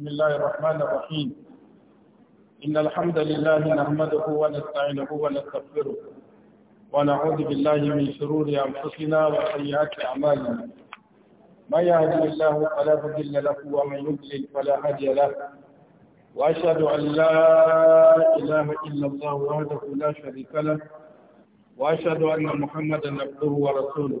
بسم الله الرحمن الرحيم إن الحمد لله نحمده ونستعينه ونستغفره ونعوذ بالله من شرور أنفسنا وسيئات أعمالنا من يهدي الله فلا مضل له ومن يضلل فلا هادي له وأشهد أن لا إله إلا الله وحده لا شريك له وأشهد أن محمدا عبده ورسوله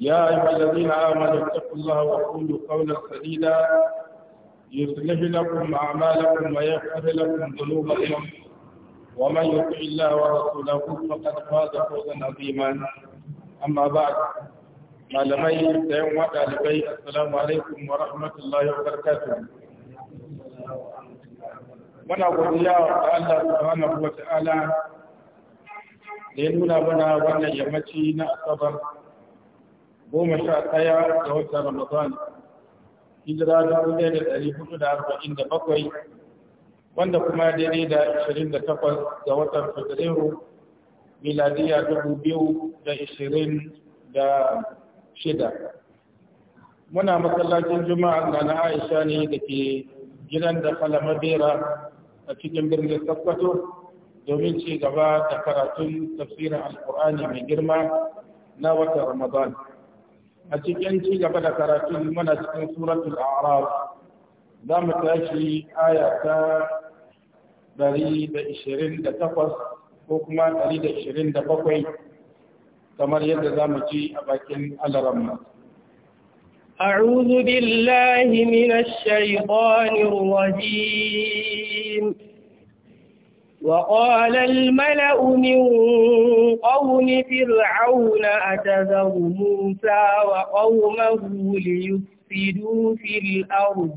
يا أيها الذين آمنوا اتقوا الله وقولوا قولا سديدا يصلح لكم أعمالكم ويغفر لكم ذنوبكم ومن يطع الله ورسوله فقد فاز فوزا عظيما أما بعد ما لم يتعلم البيت السلام عليكم ورحمة الله وبركاته من أقول يا الله سبحانه وتعالى لأننا بنا وانا يمتينا أصبر goma sha ɗaya ga wata Ramadan, hijira ta ɗaya da ɗari hudu da arba'in da bakwai, wanda kuma daidai da ashirin da takwas ga watan Fabrairu, miladiya dubu biyu da ashirin da shida. Muna masallacin Juma'a na na Aisha ne da ke gidan da bera a cikin birnin sakkwato domin ci gaba da karatun tafsirin alkur'ani mai girma na watan ramadan a cikin ci gaba da karatu muna cikin suratul a'raf za mu tashi aya ta 128 ko kuma 127 kamar yadda za mu ci a bakin alaramma أعوذ بالله من الشيطان الرجيم وقال الملأ من قوم فرعون أتذر موسى وقومه ليفسدوا في الأرض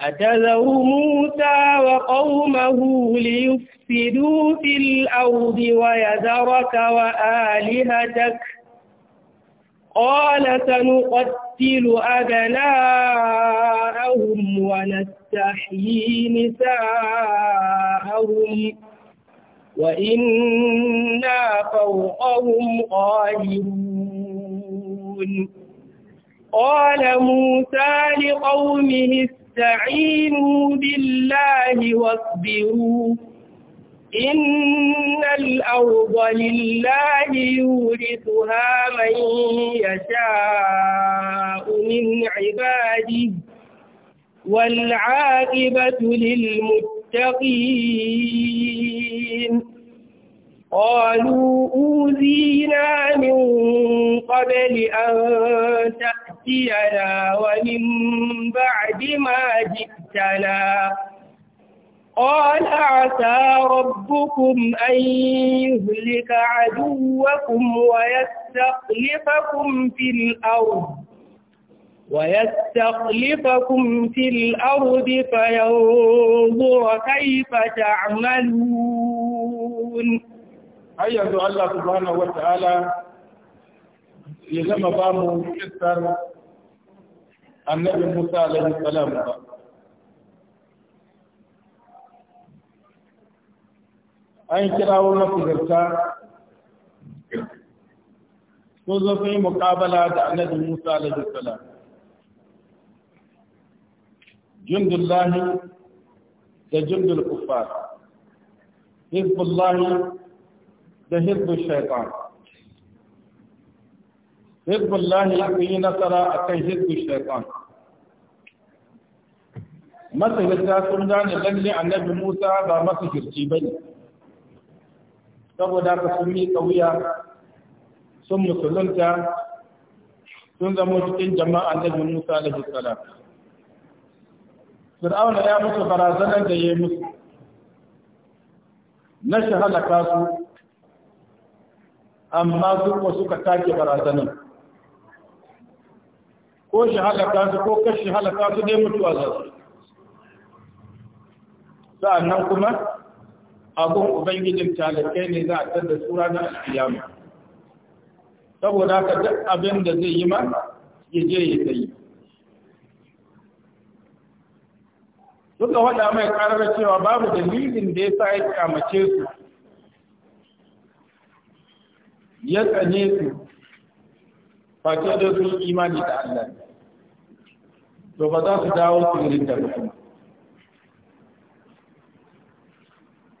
أتذر موسى وقومه ليفسدوا في الأرض ويذرك وآلهتك ۖ قال سنقتل أبناءهم ونستحيي نساءهم وإنا فوقهم قاهرون قال موسى لقومه استعينوا بالله واصبروا إن الأرض لله يورثها من يشاء من عباده والعاقبة للمتقين قالوا أوذينا من قبل أن تأتينا ومن بعد ما جئتنا قال عسى ربكم أن يهلك عدوكم ويستخلفكم في الأرض ويستخلفكم في الأرض فينظر كيف تعملون أيضا الله سبحانه وتعالى يزم بامو كثر النبي موسى عليه السلام an kirawo mafizarta sun zo sun yi mukabala da annabi musa alaihi salam jundullahi da jundul kuffar hizbullahi da hizbul shaitan hizbullahi sun yi nasara a kan hizbul shaitan masahirta sun gane lalle annabi musa ba masahirci ba ne saboda ka sun miƙa wuya sun musulunta sun zama cikin jama'a jin Musa da salam Fir'auna ya musu barazanar da ya musu na halaka su amma su ko suka take barazanar ko halaka su ko kashi halaka su dai mutuwa za su sa'annan kuma abin ubangijin talakai ne za a tattar tsura na alkiyama saboda ka duk abin da zai yi ma ya je ya sayi suka wada mai karar cewa babu dalilin da ya sa ya kyamace su ya tsane su face da su imani da Allah to ba za su dawo su yi da mutum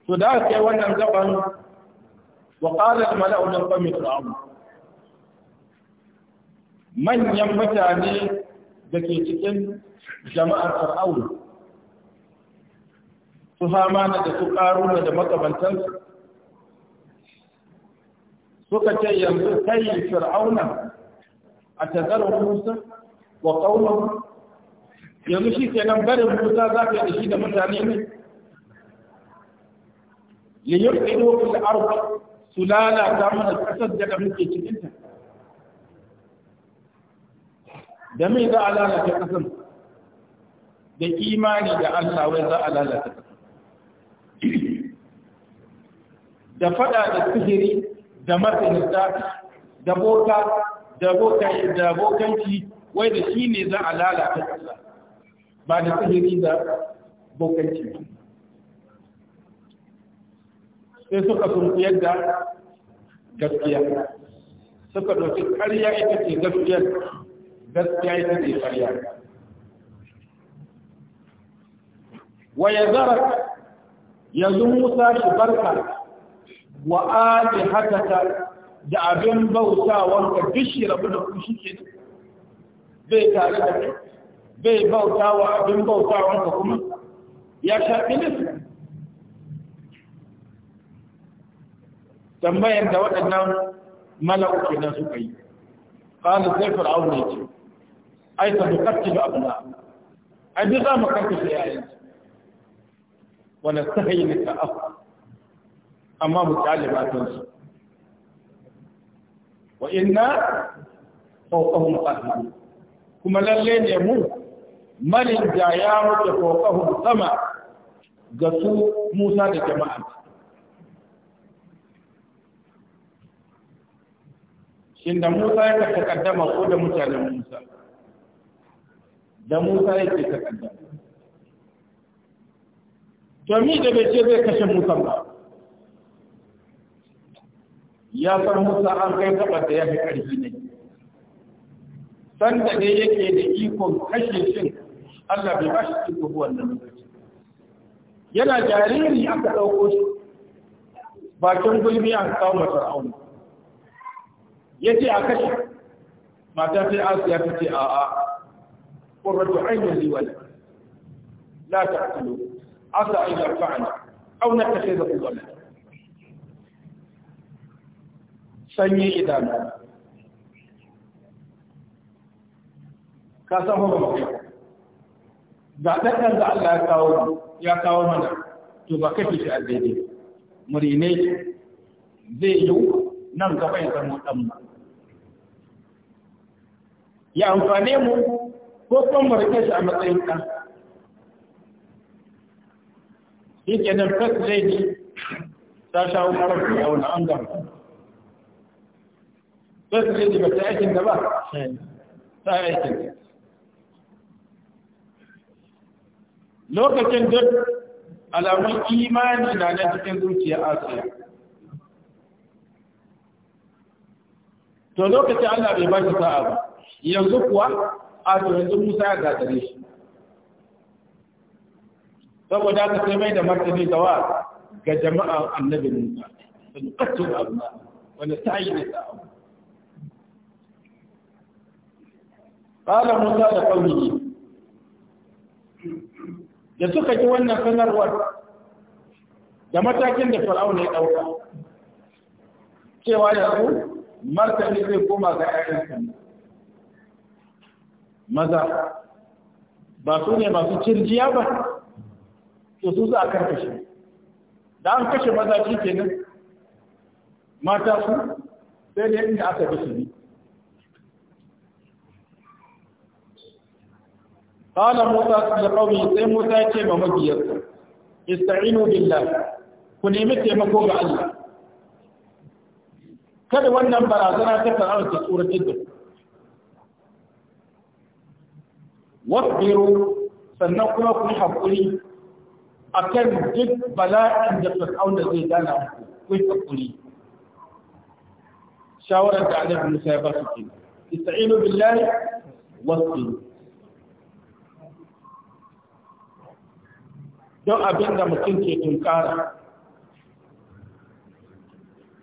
to da ke wannan gaban wa qala al mala'u min qawmi manyan mutane da ke cikin jama'ar fir'aun su hamana da su ƙaruna da makamantansu suka ce yanzu kai fir'auna a tazarar musa wa ƙaunar yanzu shi ke nan barin musa za ka yi da shi da mutane ne li yuqidu fil arba sulala ta mana kasar da muke cikin ta da me za a lalata kasar da imani da Allah wai za a lalata da fada da sihiri da matsinta da boka da bokan da bokanci wai da shi ne za a lalata kasar ba da sihiri da bokanci sai suka sunkuyar da gaskiya suka ɗauki ƙarya ita ce gaskiyar gaskiya ita ce ƙarya wa ya zara yanzu musa shi barka wa ali hakata da abin bauta wanka duk shi rabu da kushi ke bai tare da bai bauta wa abin bauta wanka kuma ya sha ilis tambayar da waɗannan mala'u na suka yi qala sai fir'auna ce. ai ta da abna ai bi za mu Wani yayin wa nastahyi Afu, amma mu taliba matan su wa inna fawqahum qahirun kuma lalle ne mu malin da ya wuce fawqahum sama ga su Musa da jama'a inda Musa ya takaddama ko da mutanen Musa da Musa ya takaddama to mi da bai ce zai kashe Musa ba ya san Musa an kai gaba da ya fi ƙarfi ne sanda ne yake da ikon kashe shin Allah bai ba shi iko wannan lokaci yana jariri aka ɗauko shi bakin gulmi an kawo masa auna ya ce a kashe mata sai asiya ta ce a a ƙurratu ainihin liwali la ta kulo asa an yarfa an auna ta sai da kuwala sanyi idanu ka san hukun kai ga ɗaɗɗan da Allah ya kawo ya kawo mana to ba kashe shi a daidai murine zai yi nan gaba ya zama ɗan ya amfane mu ko kuma mu rike shi a matsayin ɗan shi ke nan first lady ta sha umarar da yawon an gama first lady ba ta aikin da ba ta aikin lokacin duk alamun imani na nan cikin zuciya asiya to lokacin allah bai ba shi sa'a ba yanzu kuwa a to yanzu Musa ya gagare shi saboda ka sai mai da martani ga wa ga jama'a annabi Musa sun da abu wani sai ne ta abu qala Musa da qaumihi da suka ji wannan sanarwar da matakin da Fir'auna ya ɗauka. cewa yanzu martani zai koma ga ƴaƴansa maza ba su ne masu cirjiya ba to su za a karkashe da an kashe maza shi kenan mata su sai dai inda aka bi su ne sai Musa ya ce ma mabiyar ممجيز استعينوا ku nemi taimako ga Allah kada wannan barazana ta fara ta tsoratar da ku wasbiru sannan kuma ku haƙuri akan duk bala'in da fir'aun da zai dana ku ku haƙuri shawarar da annabi Musa ya ba su ke ista'inu billahi wasbiru don abin da mutum ke tunkara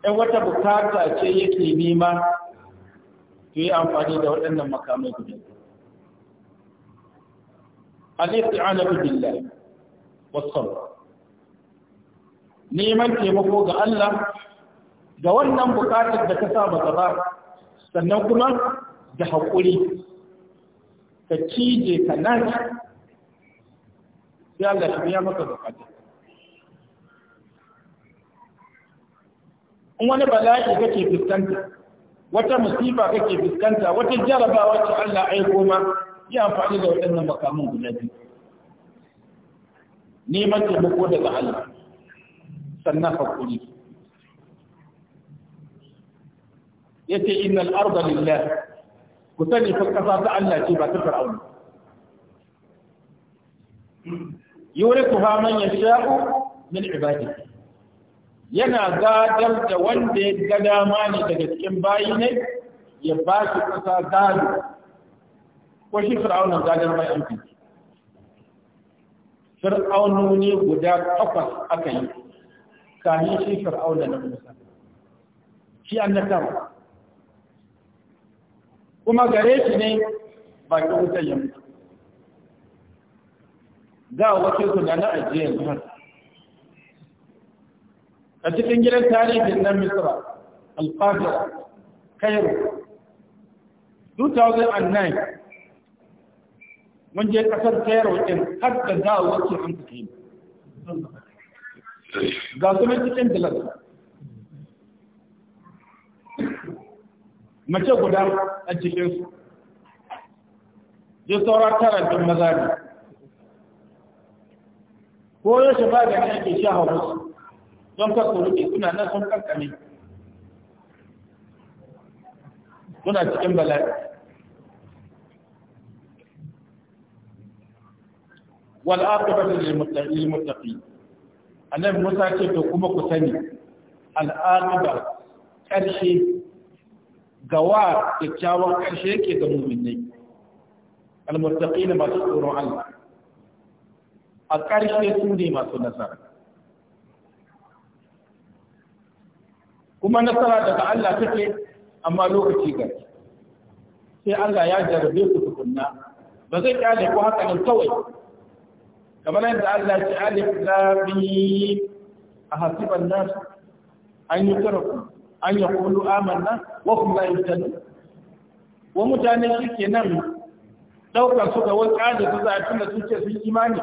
in wata bukata ce yake nema to yi amfani da waɗannan makamai guda al-isti'anatu billahi was-sabr neman taimako ga Allah da wannan bukatar da ka saba maka sannan kuma da haƙuri ka cije ka naci sai Allah shi biya maka bukatar in wani bala'i kake fuskanta wata musiba kake fuskanta wata jarabawa ce Allah aiko ma yi amfani da waɗannan makamin guda biyu neman taimako daga Allah sannan hakuri ya ce innal arda lillah ku sani fa kasa ta Allah ce ba ta fir'auna yurikuha man yasha'u min ibadihi yana gadar da wanda ya ga dama ne daga cikin bayi ne ya ba shi kasa gado ko shi fir'aunan gadar mai aiki ne guda takwas aka yi kayi shi fir'aunan na musa shi annatawa kuma gare shi ne bakin wuta yamma ga wakil su da na ajiyar zuwa a cikin gidan tarihin nan misra alfahira cairo 2009 من جاي كثر خير وتن قد جاء وقت الحمد لله قاتل تكن دلت ما جاء قدام أجلس جسورة ترى المزاد هو يا شباب يعني أنت شهر بس دون كسر كنا نسون كامل كنا تكن بلاد wal aqibatu lil muttaqin annabi Musa ce to kuma ku sani al ƙarshe ga wa kyakkyawan karshe yake ga mu'minai al muttaqin masu tsoron Allah a ƙarshe su ne masu nasara kuma nasara daga Allah take amma lokaci ga sai Allah ya jarabe ku tukunna ba zai kyale ku haka nan kawai kamar yadda Allah ya alif lami a hasiban nas an yi tarafu an ya kulu amanna wa kuma la yutanu wa mutane shike nan daukar su ga wani kada su za a tunda sun ce sun imani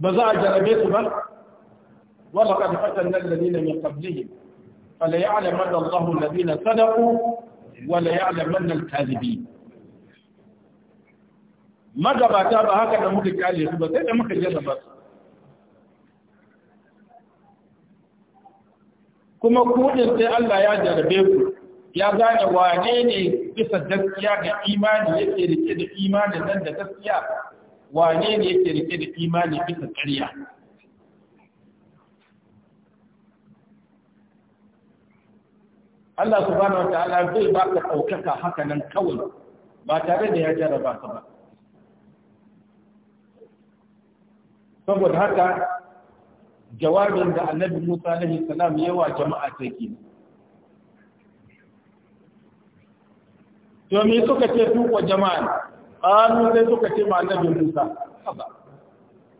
ba za a jarabe su ba wa laqad fatanna alladhina min qablihim فليعلمن الله الذين صدقوا وليعلمن الكاذبين magabata ba haka da muka kyale su ba sai da muka jarraba ba. kuma kudin sai Allah ya jarabe ku ya gane wane ne bisa gaskiya da imani yake rike da imanin nan da gaskiya wane ne yake rike da imani bisa ƙarya Allah subhanahu wa ta'ala zai baka ɗaukaka haka nan kawai ba tare da ya jaraba ka ba saboda haka jawabin da annabi Musa alaihi salam yawa jama'a take to me suka ce su ko jama'a qalu sai suka ce ma annabi Musa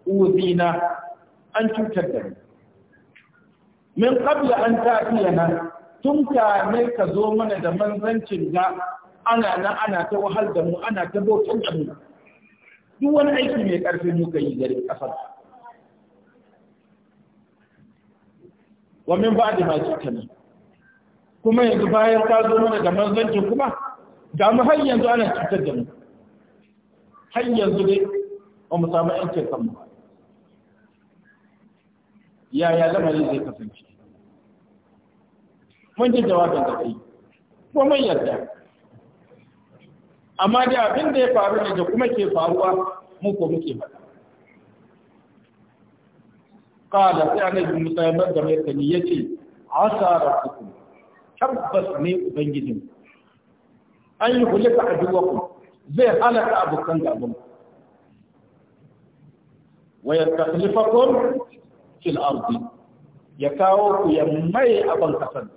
uzina an cutar da mu min qabla an ta'tiyana tun ka ne ka zo mana da manzancin ga ana nan ana ta wahal da mu ana ta bautar da mu duk wani aiki mai ƙarfi muka yi gare kasar wa min ba'di ma jitana kuma yanzu bayan ka zo mana da manzancin kuma ga mu har yanzu ana cutar da mu har yanzu dai ba mu samu yancin kanmu yaya lamarin zai kasance mun ji jawabin da kai ko mun yarda amma da abin da ya faru ne da kuma ke faruwa mu ko muke faɗa قال فعلا عن ابن مطيب قد يكن يتي عسى ربكم تبس ني ابنجدين ان يخلق عدوكم زي حالك ابو كان ابو ويستخلفكم في الارض يكاو يمي ابن كسن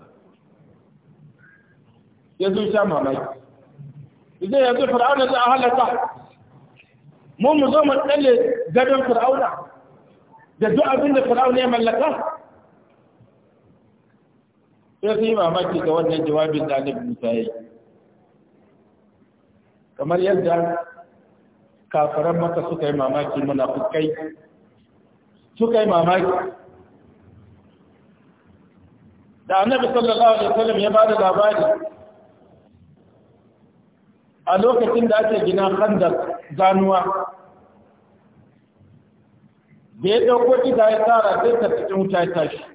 يزوج سامع ماي إذا يزوج فرعون إذا أهل تحت مو مزوم تقلي جدا فرعون da duk abin da fir'aun ya mallaka sai su yi mamaki ga wannan jawabin da annabi Musa ya yi kamar yadda kafaran maka suka yi mamaki muna munafukai suka yi mamaki da annabi sallallahu alaihi wasallam ya bada labari a lokacin da ake gina khandar zanuwa da ya ɗauko ita ya tsara sai tarkacin wuta ya tashi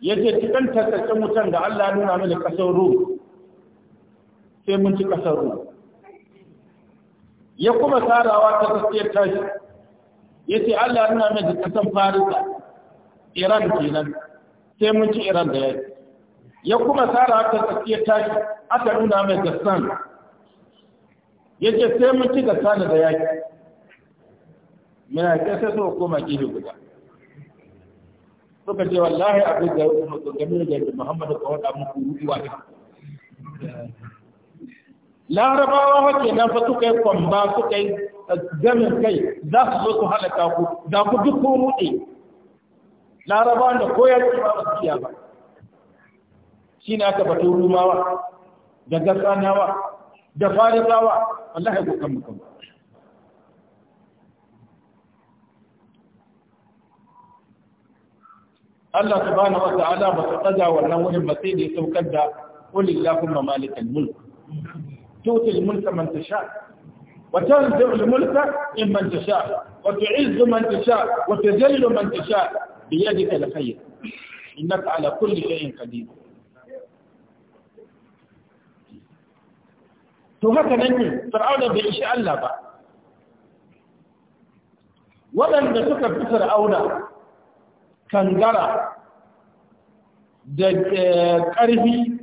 ya ce cikin tarkacin wutan da Allah ya nuna mana ƙasar ru sai mun ci ƙasar ru ya kuma tsarawa ta gaskiyar tashi ya ce Allah ya nuna mana da ƙasar farisa iran kenan sai mun ci iran da ya ya kuma tsarawa ta gaskiyar tashi aka nuna mai gassan ya ce sai mun ci gassan da yaki muna kese so koma kiri guda suka ce wallahi abin da game da Muhammadu ka wada muku ruwa ne larabawa wacce nan fa suka yi kwamba suka yi gamin kai za su zo su halaka ku za ku duk ko rute Larabawa da koyar da ba su kiya ba shi ne aka bato rumawa da gasanawa da farisawa wallahi ku kan mutum Allah subhanahu wata'ala ba su tsada wannan wurin ba sai da ya saukar da kulli lahumma malikal mulk tutil mulka man tasha wa tanzi'ul mulka mimman tasha wa tu'izzu man tasha wa tadhillu man tasha bi yadika al-khayr innaka ala kulli shay'in qadir to haka nan ne fir'auna bai ishi Allah ba waɗanda suka fi fir'auna kangara da eh, ƙarfi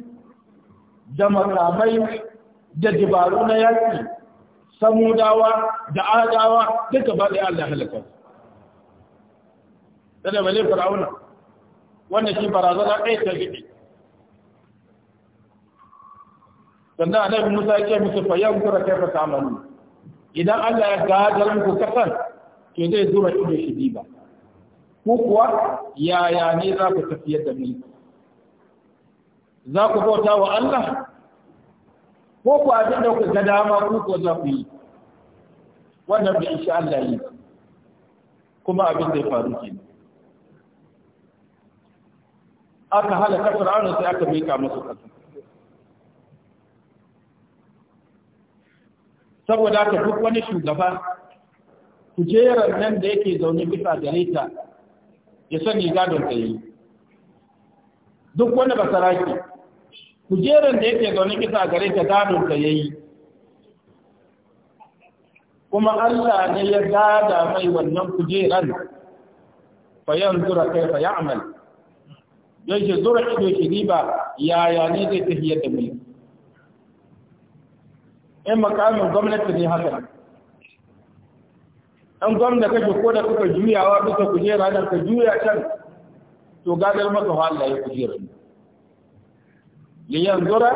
da makamai da dabaru na yaƙi samudawa da adawa duka ba da Allah halaka da da bale fir'auna wannan shi barazana ɗaya ta gidi sannan annabi Musa ya ce musu fa kura kai fa idan Allah ya gadar muku kasan to zai zura ido shi ba. ko kuwa yaya ne za ku tafiyar da mulki za ku bauta wa Allah ko ku abin da ku ga dama ku ko za ku yi wannan bai insha Allah yi kuma abin da ya faru ke aka halaka fir'auna sai aka mika musu kasa saboda ka duk wani shugaba kujerar nan da yake zaune bisa gare ta ya sani gadon ta yi duk wanda ba saraki kujeran da yake zaune kisa gare ta gadon ta yi. kuma Allah ne ya gada mai wannan kujeran fa yanzura ya ya'mal don shi zura ido shi riba yaya ne zai tafiyar da mulki in makamin gwamnati ne haka ɗan gwamna kake ko da kuka juyawa duka kujera nan ka juya can to gadar maka wa Allah ya kujera ne liyan zura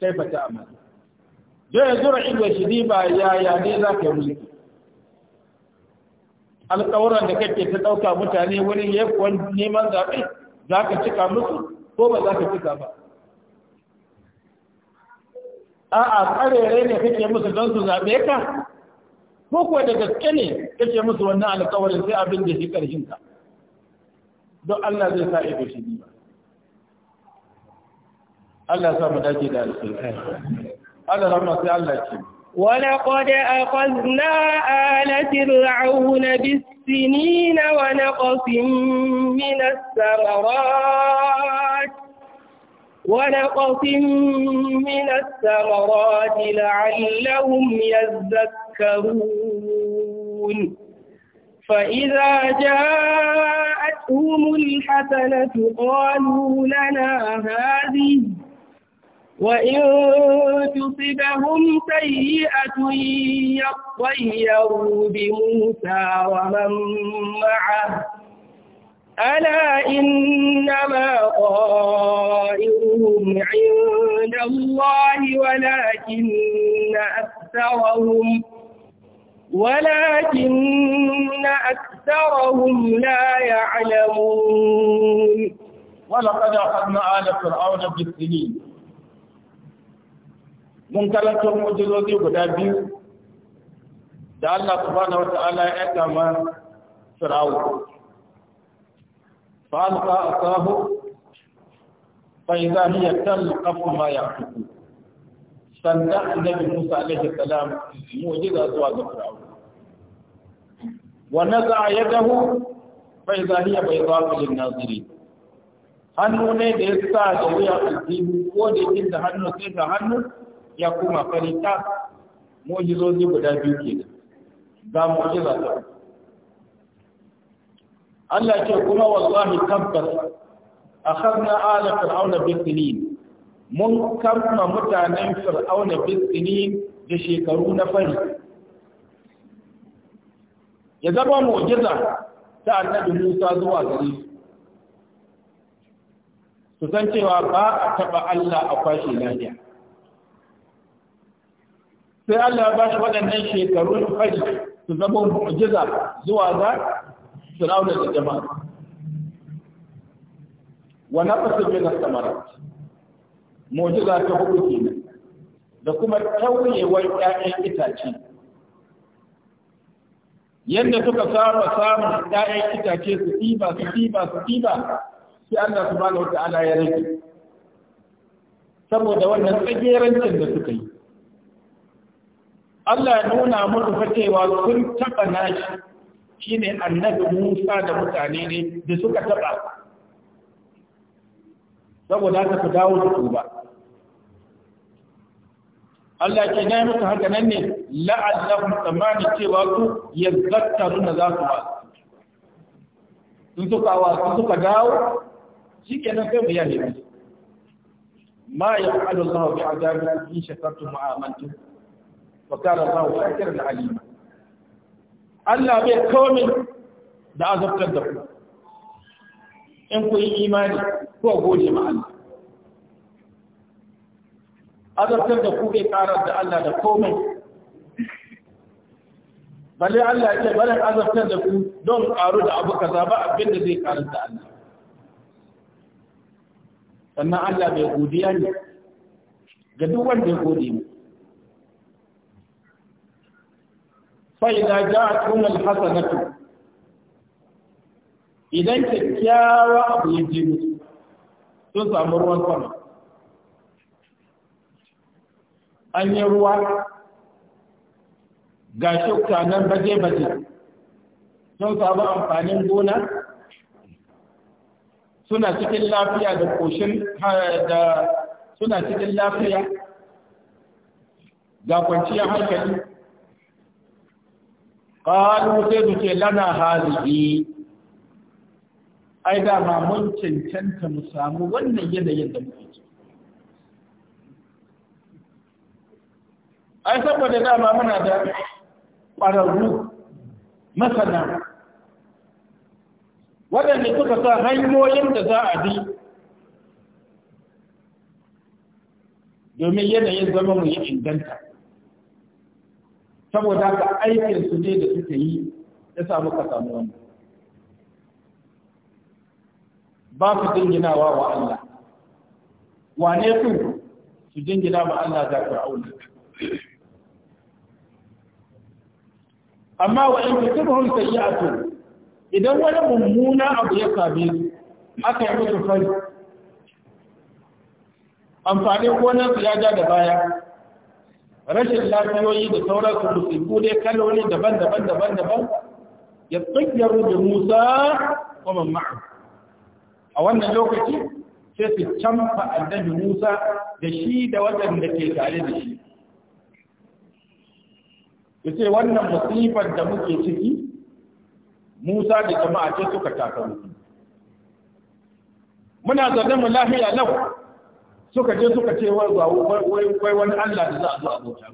kai fata amma. don ya zura inda shi ba yaya ne za ka yi mulki alƙawuran da kake ta ɗauka mutane wurin kwan neman zaɓe za ka cika musu ko ba za ka cika ba a'a ƙarere ne kake musu don su zaɓe ka ko kuwa da gaske ne kake musu wannan alƙawarin, sai abin da shi karshen ka don Allah zai sa iko shi ba Allah sa mu dace da Allah rahma sai Allah ce ولقد أخذنا آل فرعون بالسنين ونقص من الثمرات ونقص من الثمرات لعلهم يذكرون فإذا جاءتهم الحسنة قالوا لنا هذه وإن تصبهم سيئة يطيروا بموسى ومن معه ألا إنما طائرهم عند الله ولكن أكثرهم ولكن أكثرهم لا يعلمون ولقد أخذنا آل فرعون بالسنين من ثلاثة معجزات guda biyu da Allah subhanahu wa ta'ala ya kama Fir'aun فألقى أساه فإذا هي تلقف ما يأكلون سنة النبي موسى عليه السلام معجزة أزواج فرعون ونزع يده فإذا هي بيضاء للناظرين hannune da ya sa da wuya a cikin da yakin da hannu sai da hannu ya kuma farita mu'jizozi guda biyu ke da za mu ji za Allah ce kuma wallahi tabbas akhadna ala fir'auna bisinin mun kama mutanen fir'auna bisinin da shekaru na fari ya zama mu'jiza ta annabi Musa zuwa gare su san cewa ba a taba Allah a kwashe lafiya sai Allah ya ba shi waɗannan shekarun fari su zama mu'jiza zuwa ga fir'auna da jama'a wa nafasin min al-samarat mu'jiza da kuma tauyewar ƴaƴan itace yadda suka saba samun 'ya'yan itace su ɗiba su ɗiba su ɗiba sai Allah subhanahu wata'ala ya rage saboda wannan tsagerancin da suka yi Allah ya nuna musu fatewa sun taɓa nashi ne annabi Musa da mutane ne da suka taba saboda ta ku dawo da tuba Allah ke na musu haka nan ne la'allahum tsammanin cewa su yazzakkaru na za su ba. sun suka wasu suka dawo shi nan sai mu yahe ma ya fa'alu Allah bi azabi in shakartum wa amantum wa kana Allah shakiran alima Allah bai komai da azabtar da ku in ku yi imani ko gode ma Allah azabtar da ku bai karar da Allah da komai balle Allah ya ce balan azabtar da ku don karu da abu kaza ba abin da zai karar da Allah sannan Allah bai godiya ne ga duk wanda ya gode mu fa’ida ja a tunan hasanatu idan kyakkyawa abu yi ji sun samu ruwan sama an yi ruwa ga shukka nan baje-baje sun samu amfanin gona suna cikin lafiya da koshin da suna cikin lafiya ga kwanciyar hankali ƙalu sai su ce lana haziki ai dama mun cancanta mu samu wannan yanayin da muke ciki ai saboda dama muna da ƙwararru masana waɗanda suka sa hanyoyin da za a bi domin yanayin zama mu yi inganta saboda ka aikin su ne da suka yi ya samu ka samu wani ba su dinginawa wa Allah wane su su jingina wa Allah za ka auna? amma wa in kutubuhum sayyi'atu idan wani mummuna abu ya kabe su aka yi mutu fari amfani kwanan su ya ja da baya rashin lafiyoyi da sauran su musibu dai kaloli daban-daban daban-daban ya tsayyaru da Musa kuma ma'a a wannan lokaci sai su canfa annabi Musa da shi da waɗanda ke tare da shi ce wannan musifar da muke ciki Musa da jama'a ce suka taka muna zaune mu lafiya lau suka je suka ce wai wai wani Allah da za a zo a bauta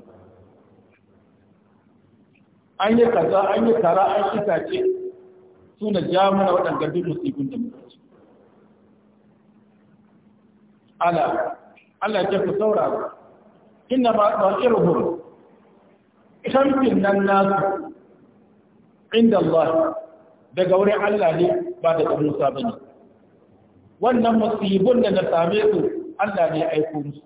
an yi kaza an yi kara an yi tace suna ja mana waɗanda duk musibin da muke ala Allah ya ku saurara inna ma ta'iruhum shamfin nan nasu inda Allah daga wurin Allah ne ba da Musa bane wannan musibun da na same su Allah ne ya aiko musu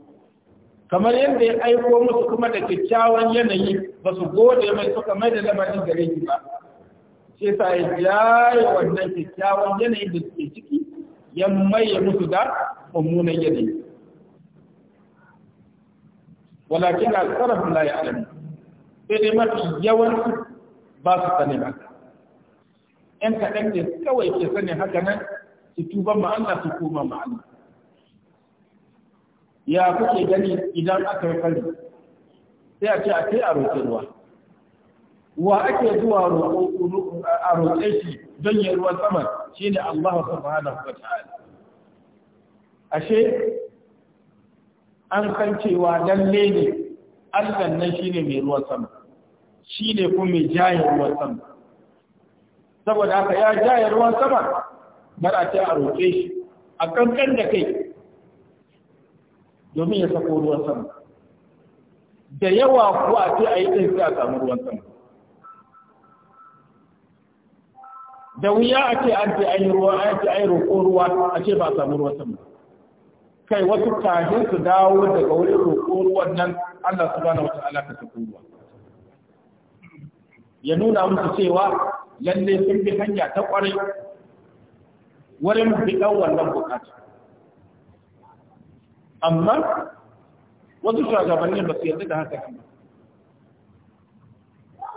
kamar yadda ya aiko musu kuma da kyakkyawan yanayi ba su gode mai suka mai da lamarin gare shi ba sai sa ya jaye wannan kyakkyawan yanayin da suke ciki ya maye musu da mummunan yanayi walakin tsara sarf la ya'lam sai dai mafi yawanci ba su sani ba ‘yan kaɗan ne kawai ke sani haka nan su tuba ma'ana su koma ma'ana ya kuke gani idan aka yi fari sai a ce a kai a roƙe ruwa wa ake zuwa a roƙe shi don yi ruwan sama shi ne Allah subhanahu wa ta'ala ashe an san cewa lalle ne Allah nan shi ne mai ruwan sama shi ne kuma mai jaye ruwan sama saboda haka ya jaye ruwan sama a ce a roƙe shi a kankan da kai domin ya sako ruwan sama da yawa kuwa a ce a yi ɗin sai a samu ruwan sama da wuya a ce an ce ayi ruwa a ce ayi yi roƙo ruwa a ce ba a samu ruwan sama kai wasu kafin su dawo daga wurin roƙo ruwan nan Allah subhanahu wata'ala ka sako ruwa ya nuna musu cewa lalle sun bi hanya ta ƙwarai wurin biɗan wannan buƙatar. amma wasu shugabannin ba su yarda da haka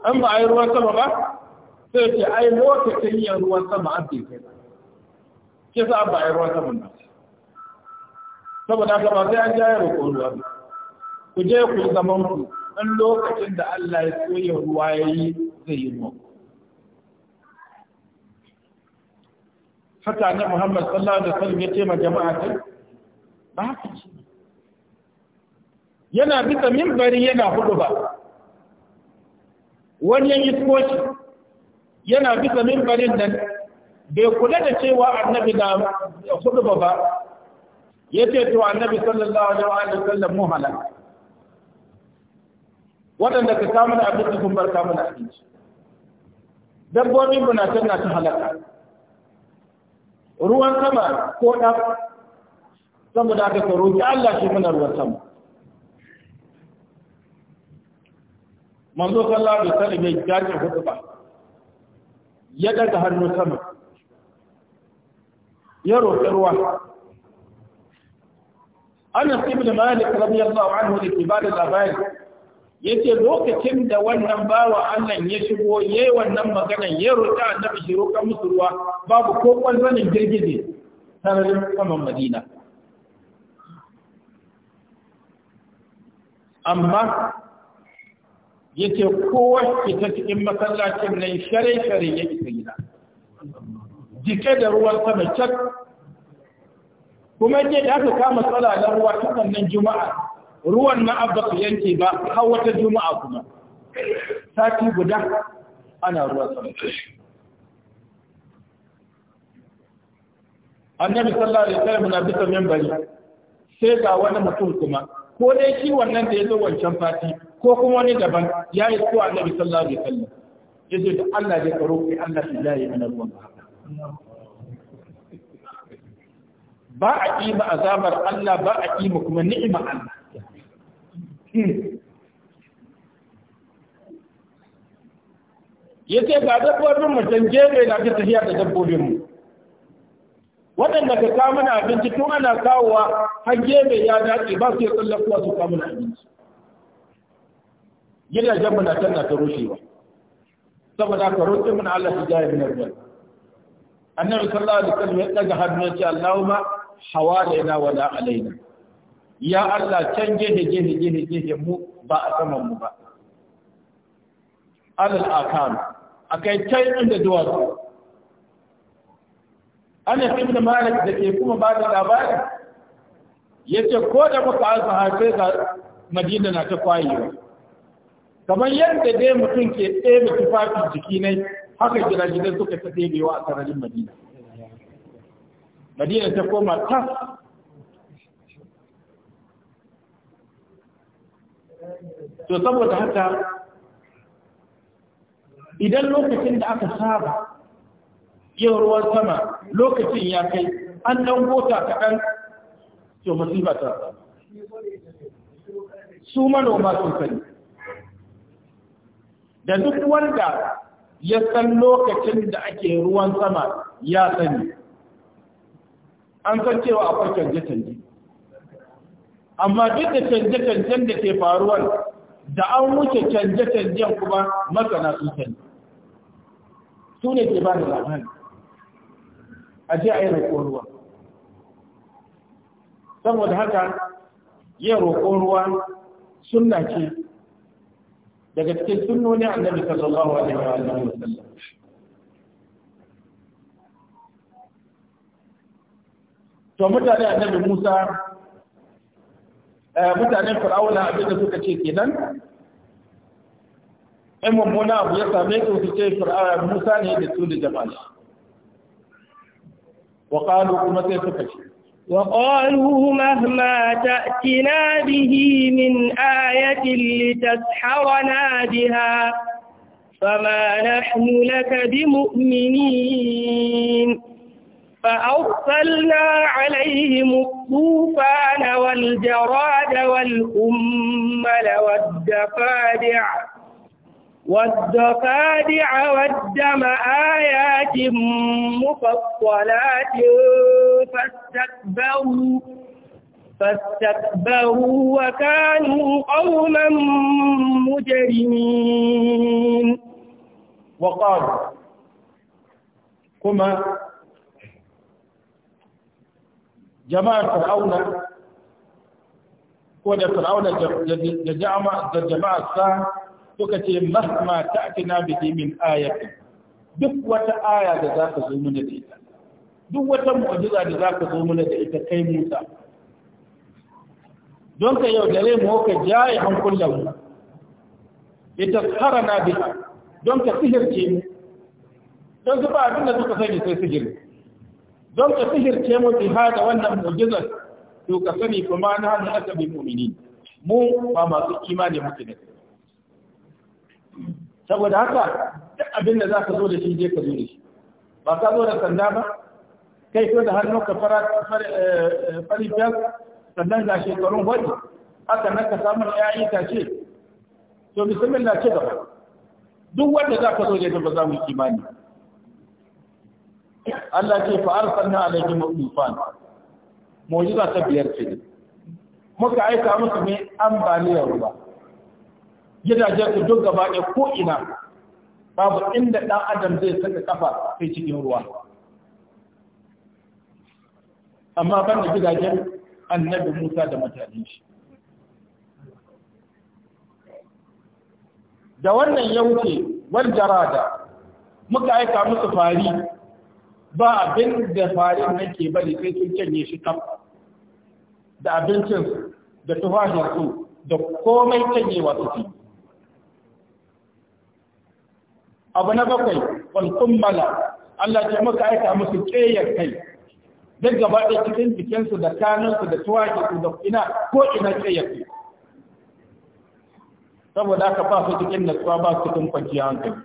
an ba a yi ruwan sama ba sai ce ai lokacin yin ruwan sama an ke kai ke sa ba a yi ruwan sama ba saboda haka ba sai an jaya roƙon ruwa ba ku je ku zaman ku ɗan lokacin da Allah ya soya ruwa ya yi zai yi ruwa haka ne Muhammad sallallahu alaihi wasallam ya ce ma jama'a ba haka ce yana bisa mimbari yana hudu ba wani yan isko yana bisa mimbarin nan bai kula da cewa annabi na hudu ba ba ya ce to annabi sallallahu alaihi wa sallam mu waɗanda ka samu da abinci kun bar samu da abinci dabbobin mu na can na ta halaka ruwan sama ko ɗan saboda aka ka roƙi Allah shi muna ruwan sama manzo sallallahu alaihi sani ya jaje hutuba ya daga hannu sama ya roƙi ruwa Anas a Malik radiyallahu anhu da labari. Ya yace lokacin da wannan bawa Allah ya shigo yi wannan magana ya roƙi annabi shi roƙa musu ruwa babu ko kwanzanin girgije sararin saman Madina amma yake kowa fita cikin masallacin nan share-share ya isa gida jike da ruwan sama cak kuma yake da aka kama tsala da ruwa ta sannan juma'a ruwan na abba su yanke ba har wata juma'a kuma sati guda ana ruwan sama annabi sallallahu alaihi wasallam na bisa membari sai ga wani mutum kuma ko dai shi wannan da ya zo wancan fati ko kuma wani daban ya yi ko annabi sallallahu alaihi wasallam ya ce da Allah ya karo ki Allah ya zai mana ruwa. ba a ƙima azabar Allah ba a ƙima kuma ni'ima Allah ya ce ga dabbobin mutum jere na ta tafiya da dabbobin mu waɗanda ka kawo mana abinci tun ana kawowa hange mai ya daɗi ba su yi tsallakuwa su kawo mana abinci gidajen mu na can na ta rushewa saboda ka roƙi mana Allah su jaya min ruwan annabi sallallahu alaihi wasallam ya daga hannu ya ce Allahumma hawalaina wala alaina ya Allah can gehe gehe gehe gehe mu ba a saman mu ba alal akan akai can inda duwatsu anas ibn malik da ke kuma ba da labari yace ko da muka azu hafe ga madina na ta kwayewa kamar yadda dai mutum ke ɗebe tufafin jiki ne haka gidajen suka ta ɗebewa a sararin madina madina ta koma ta. to saboda haka idan lokacin da aka saba yin ruwan sama lokacin ya kai an ɗan gota kaɗan to masifa ta su manoma sun sani da duk wanda ya san lokacin da ake ruwan sama ya sani an san cewa akwai canje-canje amma duk da canje-canjen da ke faruwar da an wuce canje-canjen kuma masana sun sani su ne ke ba da labari a je a yi roƙon ruwa saboda haka yin roƙon ruwa sunna ce daga cikin sunnoni annabi sallallahu alaihi wa sallam. to mutane annabi Musa eh, mutane Fir'auna abinda suka ce kenan in mummuna abu ya same su su ce Musa ne da su da jama'a وقالوا كما وقالوا مهما تأتنا به من آية لتسحرنا بها فما نحن لك بمؤمنين فأرسلنا عليهم الطوفان والجراد والأمل والدفادع والضفادع والدم آيات مفصلات فاستكبروا فاستكبروا وكانوا قوما مجرمين وقالوا كما جماعة فرعون وده فرعون الجماعة فرعون suka ce mahma na bihi min ayatin duk wata aya da za ka zo mana da ita duk wata mu'jiza da za ka zo mana da ita kai Musa don ka yaudare mu ka jaye hankulan mu ita harana biya. don ka sihirce mu don su ba abin da suka sani sai sihir don ka sihirce mu bi da wannan mu'jizar to ka sani kuma na hannu aka bi mu'mini mu ba masu imani mutane saboda haka duk abinda da za ka zo da shi je ka zo da shi ba ka zo da sanda ba kai ko da hannu ka fara eh, fari fiyar sannan ga shekarun wani haka na ka samu samun yayi ta ce to bismillah ce gaba duk wanda za ka zo da ita ba za mu yi kimani Allah ce fa arsalna alaihim tufan mu'jiza ta biyar ce muka aika musu mai ambaliyar ruwa gidajen ku duk gaba ɗaya ko ina babu inda ɗan adam zai saka kafa sai cikin ruwa amma ban da gidajen annabi Musa da mutane shi da wannan ya wuce wal jarada muka aika musu fari ba abin da fari nake bari sai sun canye shi kaf da abincin da su, da komai wasu su abu na bakwai wal kummala Allah ya maka aika musu ƙeyar kai duk gaba ɗaya cikin jikinsu da kanunsu da su da ina ko ina ƙeyar kai saboda aka ba su cikin natsuwa ba su cikin kwanciya hankali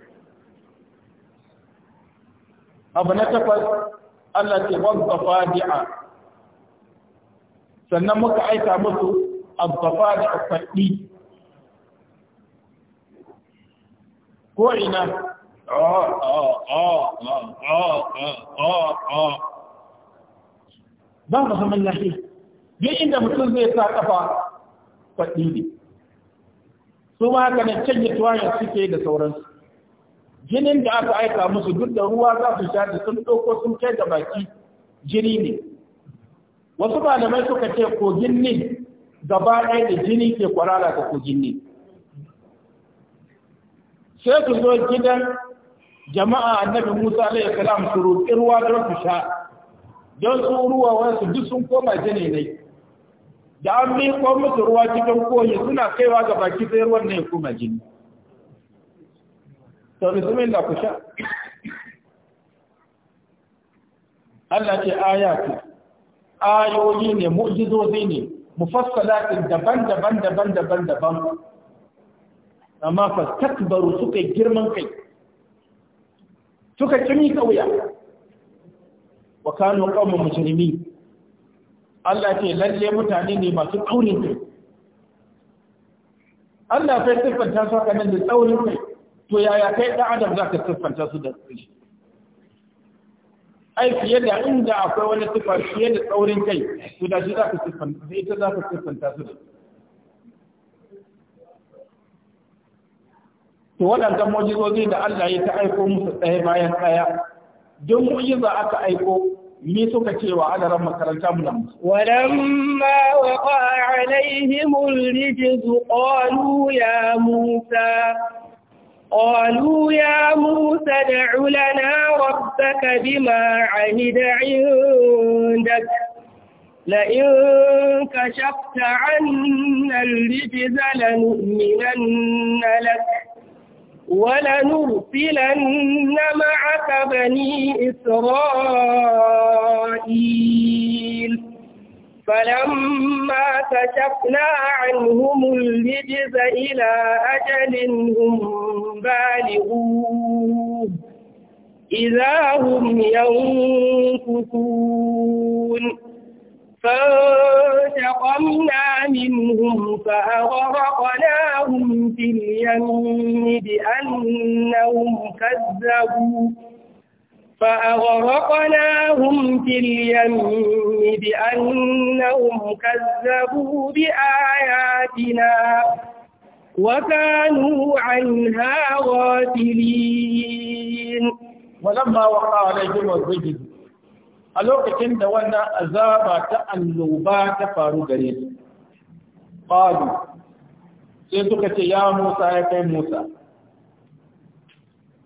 abu na takwas Allah ce wanda fadi'a sannan muka aika musu abbafa da faɗi ko ina ba mu saman lafi duk inda mutum zai sa kafa faɗi ne su ma haka nan canye tuwayen suke da sauransu jinin da aka aika musu duk da ruwa za su sha da sun ɗauko sun kai da baki jini ne wasu malamai suka ce kogin ne gaba ɗaya da jini ke kwarara da kogin ne sai su zo gidan jama'a annabi Musa alayhi salam su roƙi ruwa don su sha don su ruwa wasu duk sun koma jini ne da an miƙo musu ruwa cikin koyi suna kaiwa ga baki sai ruwan ne kuma jini to musulmin da ku sha Allah ce ayatu ayoyi ne mu'jizozi ne mufassalatin daban-daban daban-daban daban amma fa takbaru suka girman kai suka kimi kauya wa kanu qaumun mujrimin Allah ce lalle mutane ne masu tsaurin kai Allah fa siffanta su haka nan da tsaurin kai to yaya kai da adam zaka siffanta su da kai? ai fiye da inda akwai wani siffa fiye da tsaurin kai to da shi zaka siffanta sai ita zaka siffanta su da shi to waɗannan mujizozi da Allah ya ta aiko musu ɗaya bayan ɗaya duk mujiza aka aiko ni suka ce wa adaran makaranta mu nan walamma waqa alaihim alrijz qalu ya musa قالوا يا موسى دع لنا ربك بما عهد عندك لئن كشفت عنا الرجز لنؤمنن لك ولنرسلن معك بني إسرائيل فلما كشفنا عنهم الرجز إلى أجل هم بالغوه إذا هم ينكثون فانتقمنا منهم فأغرقناهم في اليم بأنهم كذبوا فأغرقناهم في اليم بأنهم كذبوا بآياتنا وكانوا عنها غافلين ولما وقع عليهم الرجل a lokacin da wannan azaba ta annoba ta faru gare su qalu sai suka ce ya Musa ya kai Musa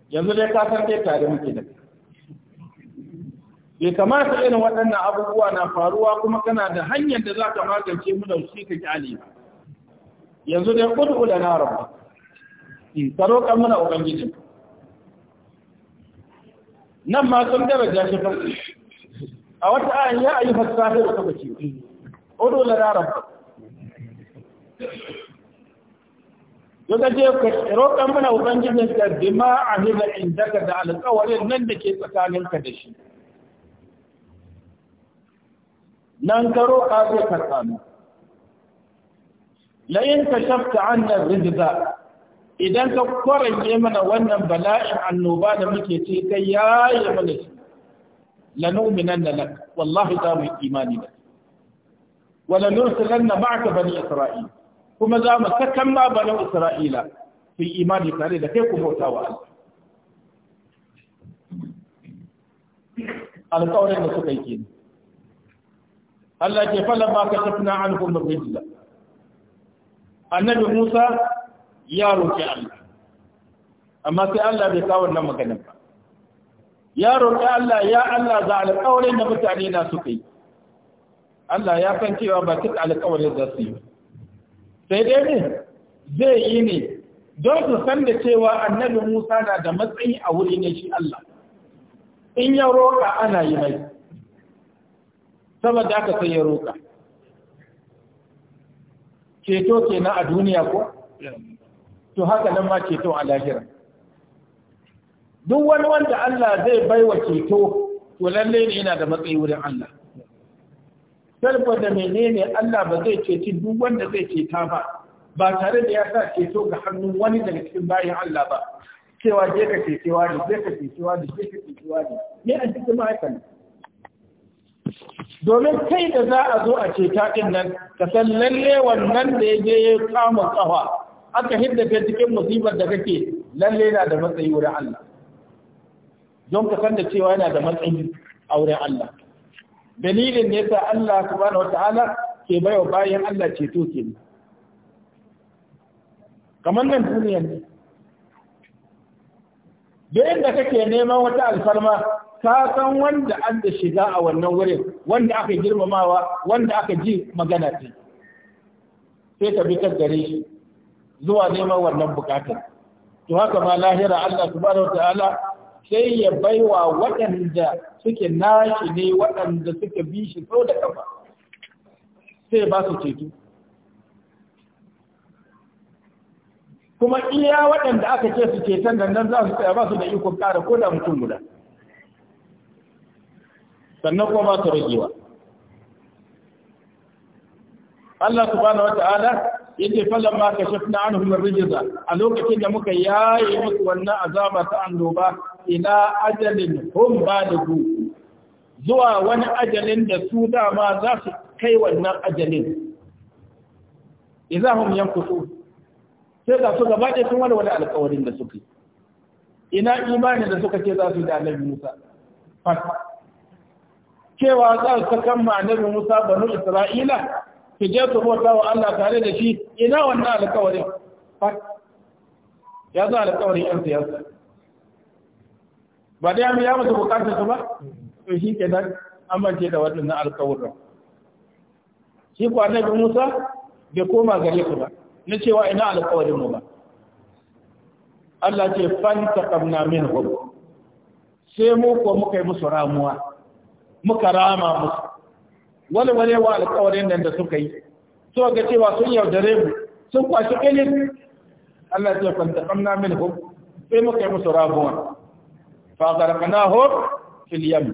yanzu dai ka san kai tare muke da bai kamata irin waɗannan abubuwa na faruwa kuma kana da hanyar da za ka magance mu da shi ka kyale ba yanzu dai kudu da na rabu Saro hmm, roƙa mana ubangiji nan ma sun daraja shi farko a wata ayan ya ayi fasahir ka bace odo la rarar Yadda je ka roƙon mana Ubangijin da bima a hila indaka da alƙawarin nan da ke tsakaninka da shi. Nan ka roƙa zai karɓa mu. Layin ka shafta annan rizza idan ka kwarage mana wannan bala'in annoba da muke ce kai yaye mana shi. لنؤمنن لك والله دار الإيمان لك ولنرسلن معك بني إسرائيل كما دام تكما بنو إسرائيل في إيمان كريم لكيك موتا وعلا على طول المسكين التي فلما كشفنا عنهم الرجل النبي موسى يا رجال أما سألنا بكاور لما كنبه ya roƙi Allah ya Allah za alƙawarin da mutane na suka yi Allah ya san cewa ba cika alƙawarin za su yi sai dai ne zai yi ne don su san da cewa annabi Musa na da matsayi a wuri ne shi Allah in ya roƙa ana yi mai saboda aka sai ya roƙa ceto kenan a duniya ko to haka nan ma ceto a lahira duk wani wanda Allah zai baiwa ceto to lalle ne yana da matsayi wurin Allah saboda menene Allah ba zai ceci duk wanda zai ceta ba ba tare da ya sa ceto ga hannun wani daga cikin bayan Allah ba cewa je ka cecewa ne je ka cecewa ne je ka cecewa ne ne a cikin ma'aikan domin kai da za a zo a ceta din nan ka san lalle wannan da ya je ya kama tsawa aka hidda ta cikin musibar da kake lalle na da matsayi wurin Allah don ka san da cewa yana da matsayi a wurin Allah dalilin ne sa Allah subhanahu wataala ke baiwa bayan Allah ceto ke kamar nan duniyar ne duk da kake neman wata alfarma ka san wanda an da shiga a wannan wurin wanda aka girmamawa wanda aka ji magana ce sai ka bi ta gare shi zuwa neman wannan bukatar to haka ma lahira Allah subhanahu wataala sai ya baiwa waɗanda suke nashi ne waɗanda suke bi shi sau da kafa sai ba su ceto kuma iya waɗanda aka ce su ceton dandan za su tsaya ba su da ikon ƙara ko da mutum guda sannan kuma ba su ragewa Allah subhanahu wata'ala yake fallan ma ka shafna anhum ar-rijza a lokacin da muka yaye musu wannan azaba ta annoba ila ajalin hum ku? zuwa wani ajalin da su dama za su kai wannan ajalin idza hum yankutu sai za su gaba da sun wani wani alƙawarin da suke. ina imani da suka ce za su yi da annabi Musa cewa za su kan ma annabi Musa banu Isra'ila su je su bauta wa Allah tare da shi ina wannan alƙawarin ya za alƙawarin yan siyasa ba da ya mata bukatar ba to shi ke nan amince da waɗannan alƙawarin shi ko annabi Musa bai koma gare ku ba na cewa ina alƙawarin mu ba Allah ce taqabna minhum sai mu ko muka yi musu ramuwa muka rama musu wani wani wa alƙawarin nan da suka yi so ga cewa sun yaudare mu sun kwashi ilin Allah ce taqabna minhum sai muka yi musu ramuwa fa zarqnahum fil yam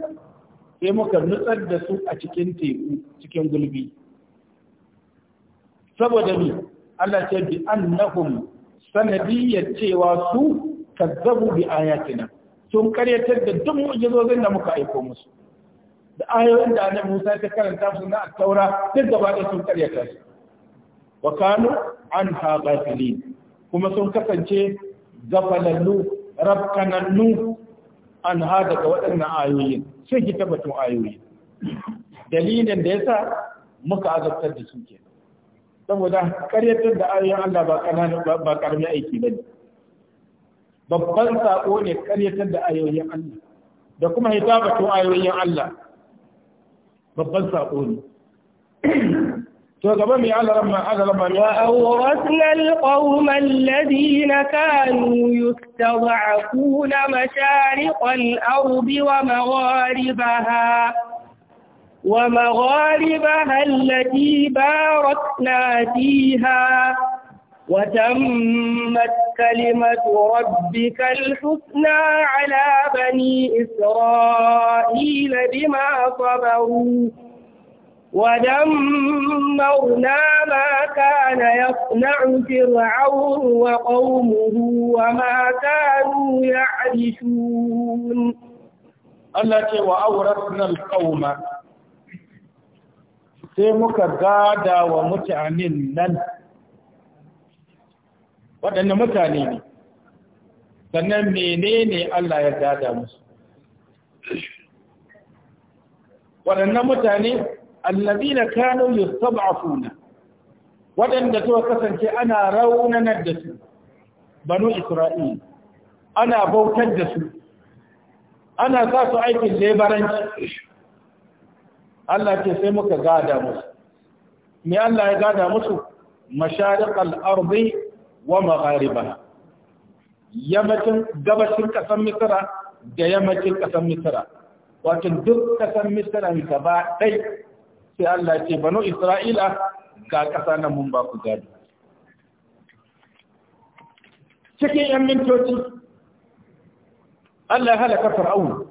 sai muka nutsar da su a cikin teku cikin gulbi saboda ni Allah ce bi annahum sanadiyyar cewa su kazzabu bi ayatina sun karyatar da duk mu'jizozin da muka aiko musu da ayoyin da Annabi Musa ta karanta su na taura duk gaba da sun karyata su wa kanu anha ghafilin kuma sun kasance gafalallu rabkanannu an ha ga waɗannan ayoyin sai ki tabbatun ayoyi dalilin da yasa muka azabtar da su ke saboda karyatar da ayoyin Allah ba kananan ba karamin aiki bane babban sako ne karyatar da ayoyin Allah da kuma hitabatun ayoyin Allah babban sako ne وأورثنا القوم الذين كانوا يستضعفون مشارق الأرض ومغاربها ومغاربها التي باركنا فيها وتمت كلمة ربك الحسنى على بني إسرائيل بما صبروا ودمرنا ما كان يصنع فرعون وقومه وما كانوا يعرشون التي وأورثنا القوم سيمك غادا ومتعنين لن ودن متعنين ne sannan menene Allah ya gada musu waɗannan mutane allazina kanu yustab'afuna waɗanda to kasance ana raunanar da su banu isra'il ana bautar da su ana sa su aikin lebaranci Allah ce sai muka gada musu me Allah ya gada musu mashariqal ardi wa magharibaha yamacin gabashin kasar misra da yamacin kasar misra wato duk kasar misra gaba sai Allah ce banu Isra'ila ga ƙasa na mun ba ku cikin ‘yan mintoci Allah halaka fir'aun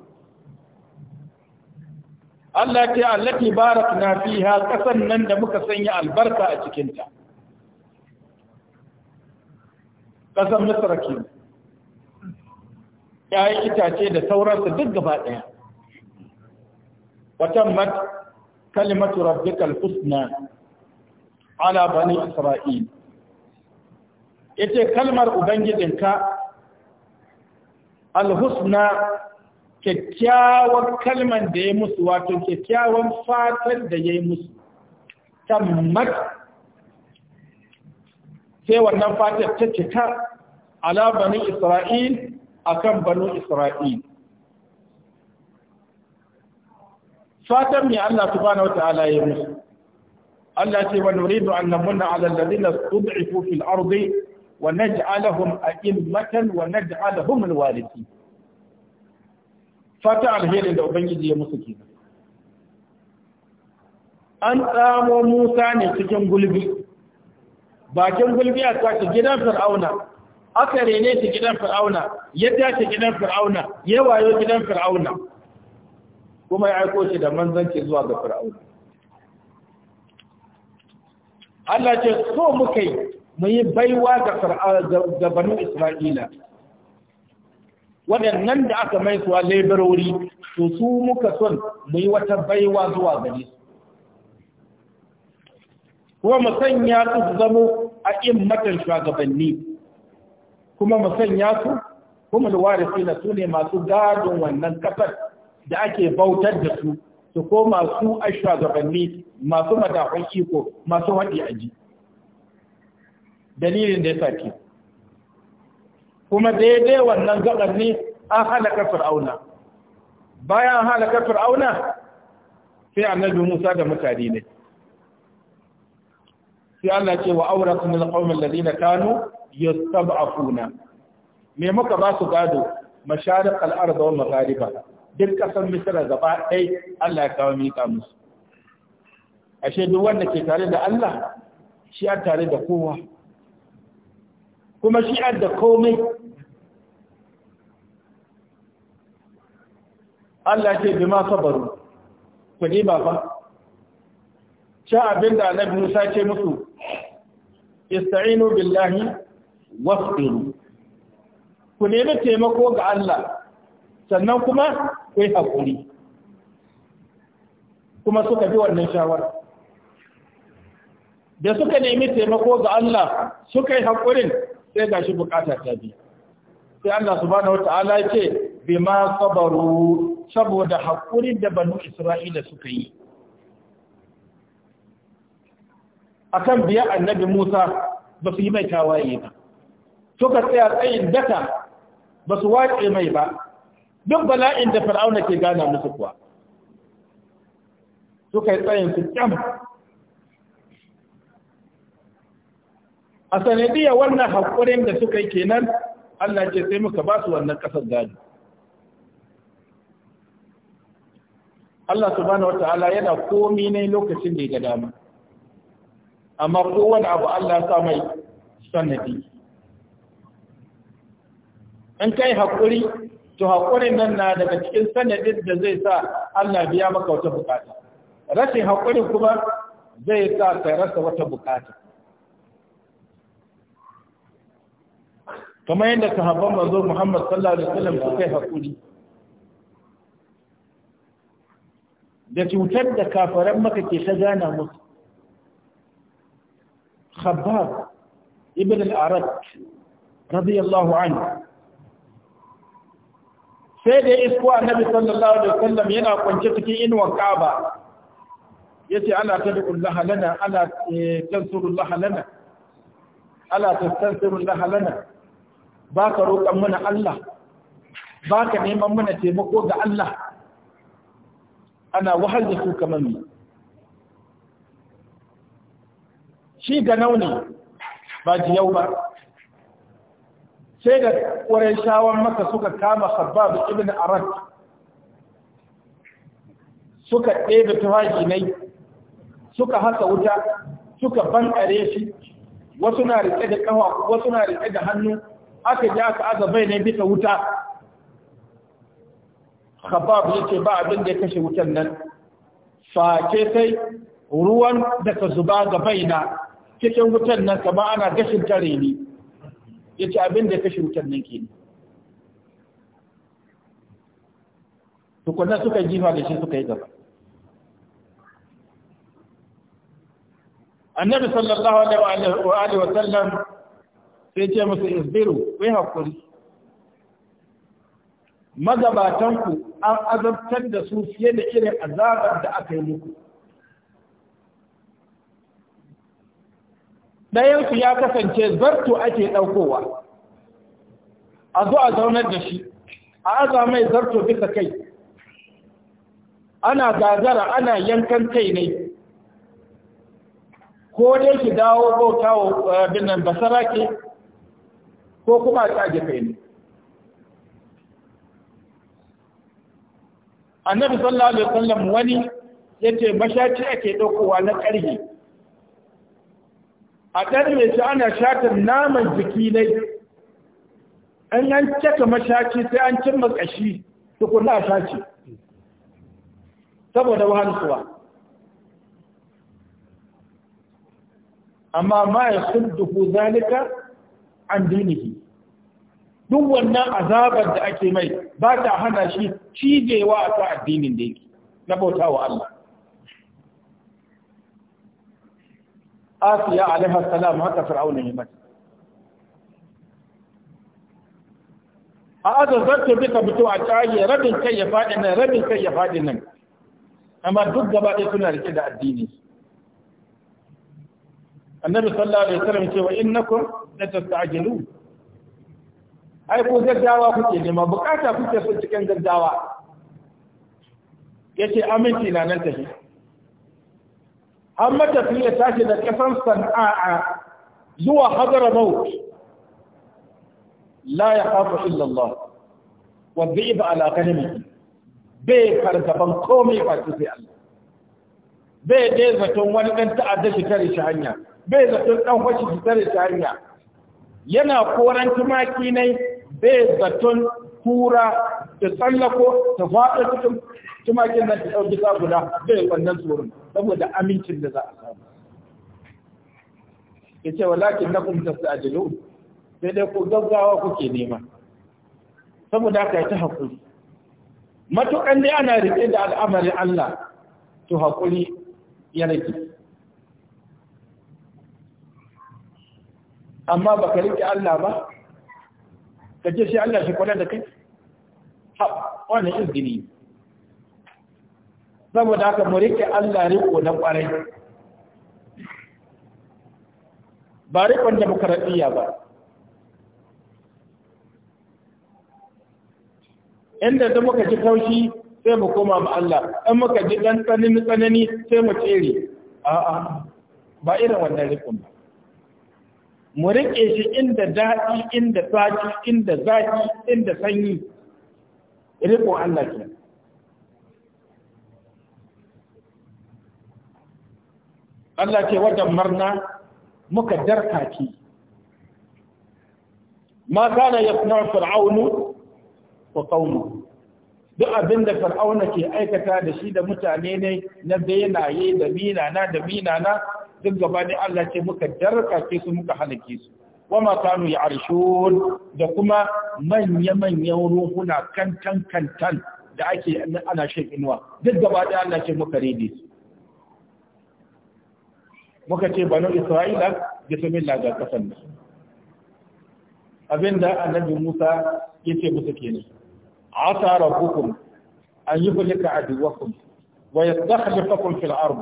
Allah ce allati barakna fiha ƙasan nan da muka sanya albarka a cikinta ƙasan Misra ya yi itace da sauransu duk gaba ɗaya. Watan mat kalimatu rabbikal husna ala bani isra'il yace kalmar ubangijinka alhusna kyakkyawar kalman da ya musu wato kyakkyawan fatar da ya yi musu tammat sai wannan fatar ta cika ala bani isra'il akan banu isra'il fatan mai Allah subhanahu wataala ya musu Allah ce wa nuridu an namunna ala alladhina stud'ifu fil ardi wa naj'alahum a'immatan wa naj'alahum alwarithin fata alherin da ubangiji ya musu kenan an tsamo Musa ne cikin gulbi bakin gulbi a tsaki gidan fir'auna aka rene shi gidan fir'auna ya tashi gidan fir'auna ya wayo gidan fir'auna kuma ya aiko shi da manzanci zuwa ga fir'auna Allah ce so muke yi mu yi baiwa ga banu Isra'ila waɗannan da aka mai suwa to su muka son mu yi wata baiwa zuwa gare kuma mu sanya su su zamo a immatan shugabanni kuma mu sanya su kuma da warisi na su masu gadon wannan kafar da ake bautar da su su koma su a gabanni, masu madafan iko masu haɗi aji dalilin da ya sake kuma daidai wannan gaɓar ne an halaka fir'auna bayan halaka fir'auna sai annabi musa da mutane ne sai Allah ce wa auratu min ya alladhina kanu kuna me muka ba su gado masharq al-ard wa magariba? duk ƙasar misira gaba ɗai Allah ya kawo miƙa musu ashe duk wanda ke tare da Allah shi a tare da kowa kuma shi a da komai Allah ce bi ma sabaru ku ne ba fa sha abin da annabi Musa ce musu ista'inu billahi wasbiru ku nemi taimako ga Allah sannan kuma kai haƙuri kuma suka bi wannan shawara da suka nemi taimako ga Allah suka yi haƙurin sai ga shi bukata ta bi sai Allah subhanahu wata'ala ya ce bi ma sabaru saboda haƙurin da banu Isra'ila suka yi akan biya annabi Musa ba su yi mai tawaye ba suka tsaya tsayin daka ba su wace mai ba duk bala'in da fir'auna ke gana musu kuwa suka yi tsayin su kyan a sanadiyar wannan haƙurin da suka yi kenan Allah ce sai muka ba su wannan ƙasar gani Allah subhanahu Ta'ala yana komi ne lokacin da ya ga dama amma kowane abu Allah ya sa mai sanadi in kai haƙuri to haƙurin nan na daga cikin sanadin da zai sa Allah biya maka wata bukata rashin haƙurin kuma zai sa ka rasa wata bukata kamar yadda sahabban manzo Muhammad sallallahu alaihi wasallam suka yi haƙuri da cutar da kafaran maka ke ta gana musu khabbab ibn al-arat radiyallahu anhu sai da ya isko annabi sallallahu alaihi wasallam yana kwance cikin inuwar Ka'aba yace ana tad'u lahalana, lana ana eh, tansuru Allah lana ala tastansiru Allah lana baka roƙan mana Allah baka neman mana taimako ga Allah ana wahal da su kamar ni shi ga nauni ba jiyau ba sai da ƙurayshawan maka suka kama khabbab ibn arad suka ɗebe tufafi nai suka haka wuta suka bankare shi wasu na riƙe da ƙawa, wasu na riƙe da hannu aka ji aka aza bai ne bisa wuta ya ce ba abin da ya kashe wutan nan fake sai ruwan da ka zuba ga baina cikin wutan nan kama ana gashin tare ne ya ci abin da kashe wutar nan ke tukunan suka jifa da shi suka yi gaba annabi sallallahu alaihi wa sallam sai ce musu isbiru kai hakuri magabatanku an azabtar da su fiye da irin azabar da aka yi muku ɗayansu ya kasance zarto ake ɗaukowa a zo a zaunar da shi a aza mai zarto bisa kai ana gagara ana yankan kai ne ko dai ki dawo ko kawo binan basara ke ko kuma a tsage kai ne annabi sallallahu alaihi wasallam wani yace mashaci ake ɗaukowa na ƙarfi a ɗarme shi ana shatar naman jiki ne an an caka mashaci sai an cimma ƙashi tukuna a shaci saboda wahansuwa amma ma ya sunduku zalika an dinihi duk wannan azabar da ake mai ba ta hana shi cijewa a ta addinin da yake na bauta wa Allah asiya alaiha salam haka fir'auna ya mata a azazarta duka fito a tsaye rabin kai ya faɗi nan rabin kai ya faɗi nan amma duk gaba ɗaya suna rike da addini annabi sallallahu alaihi wasallam cewa innakum la tasta'jilu ai ku gaggawa kuke nema bukata kuke so cikin gaggawa yace aminci na nan tafi an matafi ya tashi da ƙasar sana'a zuwa hadara maut la ya hafa illallah wa ba ala kalimi bai fargaban komai fasu sai Allah bai dai zaton wani ɗan ta'adda shi tare shi hanya bai zaton ɗan fashi shi tare shi hanya yana koran tumaki ne bai zaton kura ta tsallako ta faɗa cikin tumakin nan ta ɗauki sa guda zai wannan tsoron saboda amincin da za a samu ya ce walakin na kuma tasu a sai dai ku gaggawa kuke nema saboda ka yi ta haƙuri matuƙan dai ana riƙe da al'amarin Allah to haƙuri ya rage amma ba ka riƙe Allah ba ka ce shi Allah shi kwana da kai ha wani izini saboda haka mu rike Allah riko na kwarai ba rikon demokaradiyya ba inda da muka ji kaushi sai mu koma ba Allah in muka ji dan tsanani tsanani sai mu tsere a'a ba irin wannan rikon ba mu riƙe shi inda daɗi inda tsaki inda zaki inda sanyi riƙon Allah ke Allah ce wajen marna muka darka ki ma kana yasna fir'aunu ko qaumu duk abin da fir'auna ke aikata da shi da mutane ne na benaye da minana da minana duk gaba ne Allah ce muka darka ki su muka halake su wama kanu ya'rishun da kuma manya-manyan ruhuna kantan kantan da ake ana shan inuwa duk gaba ɗaya Allah ce muka rede su muka ce banu isra'ila bismillah ga kasan da abinda annabi musa ya ce musu A asa rabbukum an yi yuhlika aduwakum wa yastakhlifakum fil ard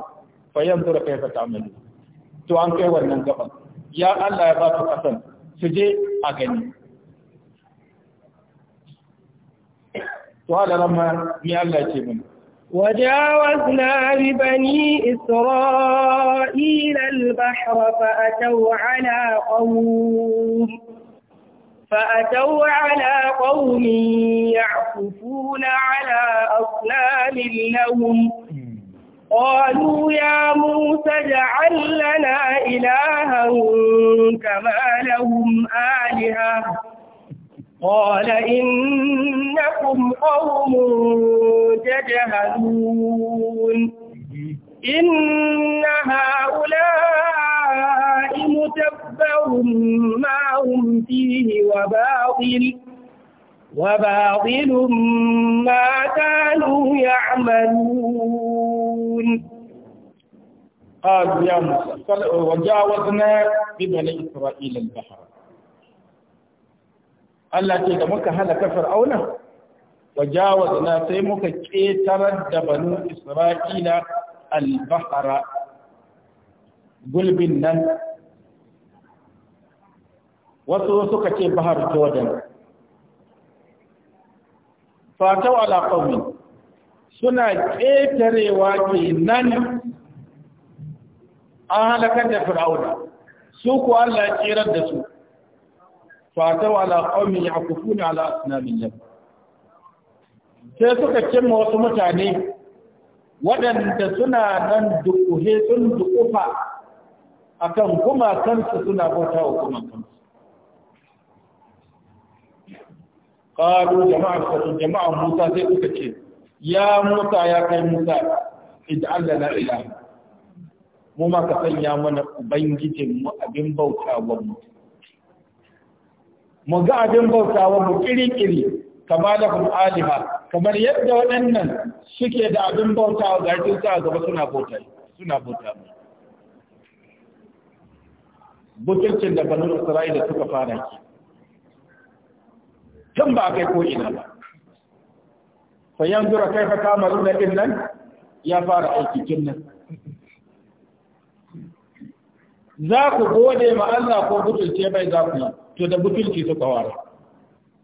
fa yanzur kayfa ta'malun to an kai wannan gaban ya Allah ya ba su kasan su je a gani to halaran ma ni Allah ya ce mana وجاوزنا ببني إسرائيل البحر فأتوا على قوم فأتوا على قوم يعكفون على أصنام لهم قالوا يا موسى اجعل لنا إلها كما لهم آلهة قال إنكم قوم تجهلون إن هؤلاء متبر ما هم فيه وباطل وباطل ما كانوا يعملون قال يا موسى وجاوزنا ببني إسرائيل البحر Allah ce da muka halaka fir'auna wajawazna sai muka ƙetarar da banu isra'ila al-bahra gulbin nan wasu suka ce bahar jordan fatau ala qaumin suna ƙetarewa ke an halakar da fir'auna su ko Allah ya tsirar da su fatau ala qaumi yaqufuna ala asnamihim sai suka cimma wasu mutane waɗanda suna nan dukuhe sun dukufa akan gumakansu suna bauta wa gumakansu قالوا جماعة جماعة موسى زي كتير يا موسى يا كي موسى اجعل لنا إله mu ma ka sanya mana ubangijin mu abin bauta wa mu mu ga abin bautawa mu kirikiri kamar da kuma kamar yadda waɗannan suke da abin bautawa ga rikin sa gaba suna bauta suna bauta butulcin da banu isra'ila suka fara ki tun ba kai ko ina ba fa yanzu ra kai fa kama runa din nan ya fara aiki kin nan za ku gode ma Allah ko butulce bai za ku yi to da butulci suka fara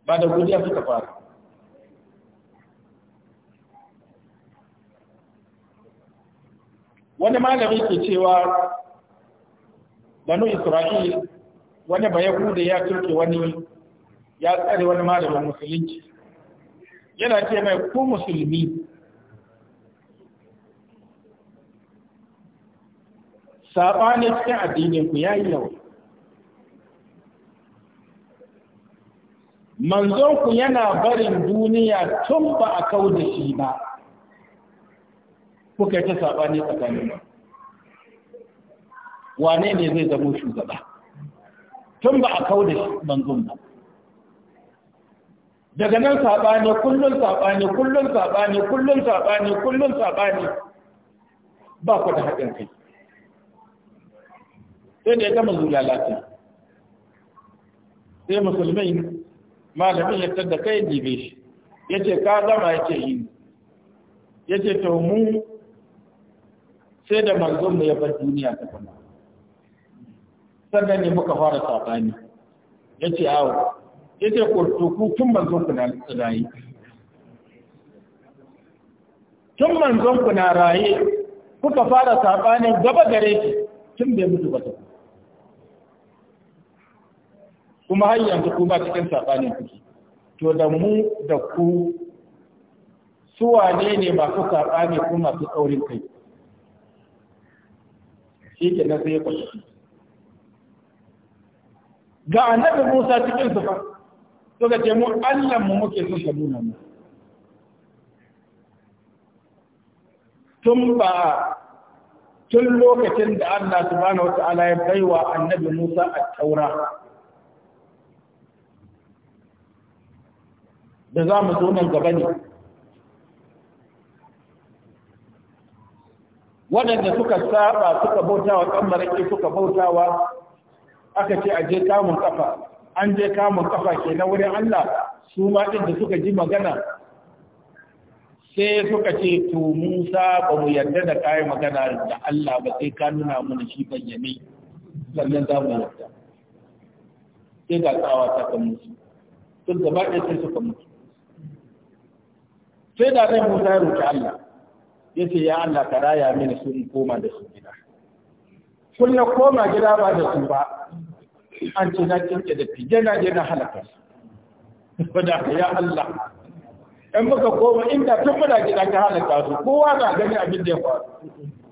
ba da godiya suka fara wani malami ke cewa banu isra'il wani da ya turke wani ya tsare wani malamin musulunci yana ce mai ku musulmi saɓanin cikin addininku ya yi yawa manzonku yana barin duniya tun ba a kawo da shi ba kuka ta saɓani tsakanin ba wane ne zai zamo shugaba tun ba a kawo da manzon ba daga nan saɓani kullum saɓani kullum saɓani kullum saɓani kullum saɓani ba ku da haɗin kai sai da ya gama zuwa lafiya sai musulmai malamin ya da kai dibe shi ya ce ka gama ya ce yi ya ce to mu sai da manzon mu ya bar duniya ta kuma sannan ne muka fara sabani ya ce awo ya ce kurtuku tun manzon ku na tsirayi tun manzon ku na raye kuka fara sabanin gaba gare shi tun bai mutu ba ta kuma har yanzu ku ba cikin sabanin kuke to da mu da ku su wane ne masu ne kuma masu tsaurin kai shi ke na sai ya ga annabi Musa cikin su fa suka ce mu Allah mu muke son ka nuna mu tun ba tun lokacin da Allah subhanahu wa ta'ala ya baiwa annabi Musa a taura da za mu zo nan gaba ne waɗanda suka saba suka bautawa kammarake suka bautawa aka ce a je kamun kafa an je kamun kafa ke na wurin Allah su ma ɗin da suka ji magana sai suka ce to Musa ba mu yarda da kayan magana da Allah ba sai ka nuna mana shi bayyane sannan za mu yarda sai ga tsawa ta kan musu sun gaba ɗaya sai suka mutu sai da zai musa ya roƙi Allah ya ce ya Allah ka raya mini su in koma da su gida kun na koma gida ba da su ba an ce na kinke da fige na je na halaka su ba da ya Allah in muka koma inda tun muna gida ka halaka su kowa na gani abin da ya faru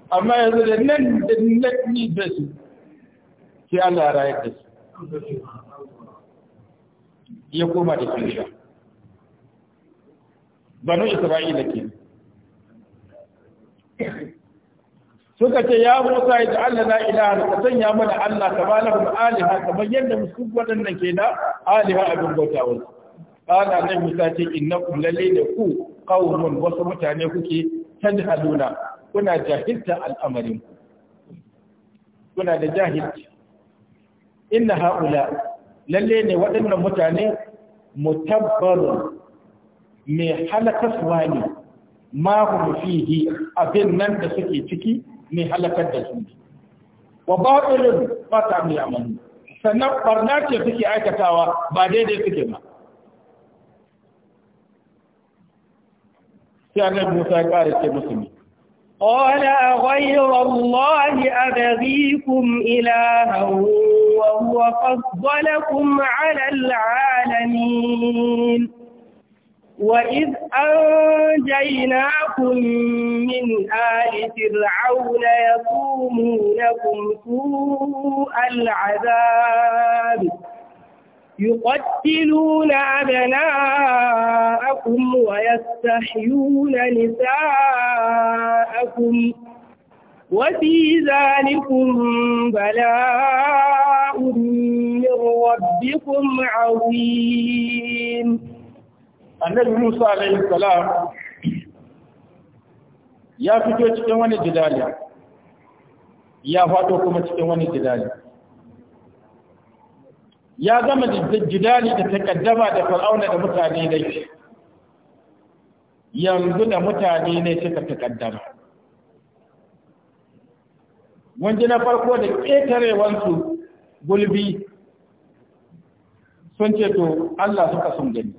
amma yanzu da nan da nan ni da su sai Allah ya rayar da su ya koma da su gida banu isra'ila ke suka ce ya musa ya ji allah la ilaha ka sanya mana allah ka ba lahum aliha kamar yadda musu wadannan ke da aliha abin bauta wasu ƙala nan musa ce innakum lalle da ku qaumun wasu mutane kuke tadhaluna kuna jahilta al'amarin kuna da jahilci inna haula lalle ne waɗannan mutane mutabbarun mai halakarwa ne ma fihi abin nan da suke ciki mai halakar da su wa irin ba ta mai amanu sannan barna ce suke aikatawa ba daidai suke ba sai annabi Musa ya ƙara ce musu ne قال أغير الله أبغيكم إلها وهو فضلكم على العالمين وإذ أنجيناكم من آل فرعون يصومونكم سوء العذاب يقتلون أبناءكم ويستحيون نساءكم وفي ذلكم بلاء من ربكم عظيم annabi musa alayhi salam ya fito cikin wani jidali ya fado kuma cikin wani jidali ya gama jidali da takaddama da farauna da mutane ne yanzu da mutane ne suka takaddama wanda na farko da ƙetarewansu gulbi sun ce to Allah suka sun gani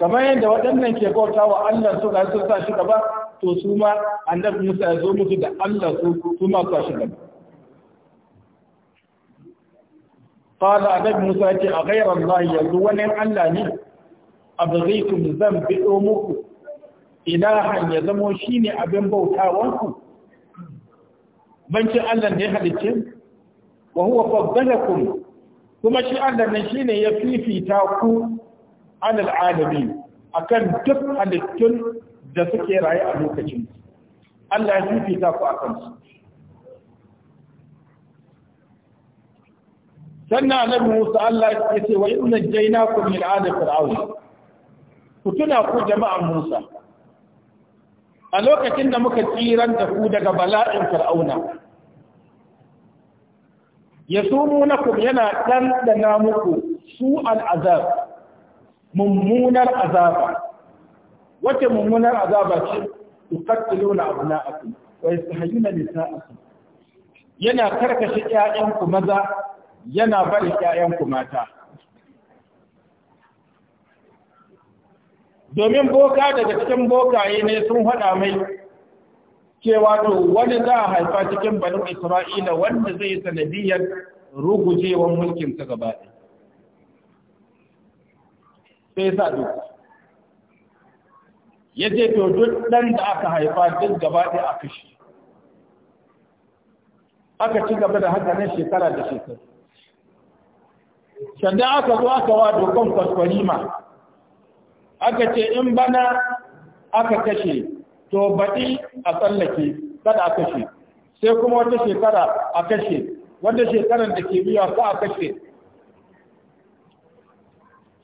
kamar yadda waɗannan ke bauta wa Allah su ga sun sa shi gaba to su ma annabi Musa ya zo musu da Allah su su ma sa shi gaba qala annabi Musa ya ce a ghayra Allah yanzu wani Allah ne abghaytum zan bido muku ilahan ya zamo shine abin bautawanku banci Allah ne halicce wa huwa faddalakum kuma shi Allah ne shine ya fifita ku alal alamin akan duk halittun da suke raye a lokacin Allah ya fifita ku akan su sannan annabi Musa Allah ya ce wa inna jaynakum min ali fir'aun ku tuna ku jama'a Musa a lokacin da muka tsiran da ku daga bala'in fir'auna ya sumu na ku yana ɗanɗana muku su al'azab mummunar azaba wace mummunar azaba ce su hayu na nisa nisa'akum yana karkashe ƴaƴanku maza yana bari ƴaƴanku mata domin boka daga cikin bokaye ne sun haɗa mai cewa to wani za a haifa cikin banu isra'ila wanda zai sanadiyar rugujewan mulkin gaba ɗaya sai sa doka ya ce to duk ɗan da aka haifa duk gaba ɗaya a kashe, aka ci gaba da haka nan shekara da shekara sannan aka zo aka wa dokan kwaskwarima aka ce in bana aka kashe to baɗi a tsallake kada a kashe sai kuma wata shekara a kashe wanda shekarar da ke biya ko a kashe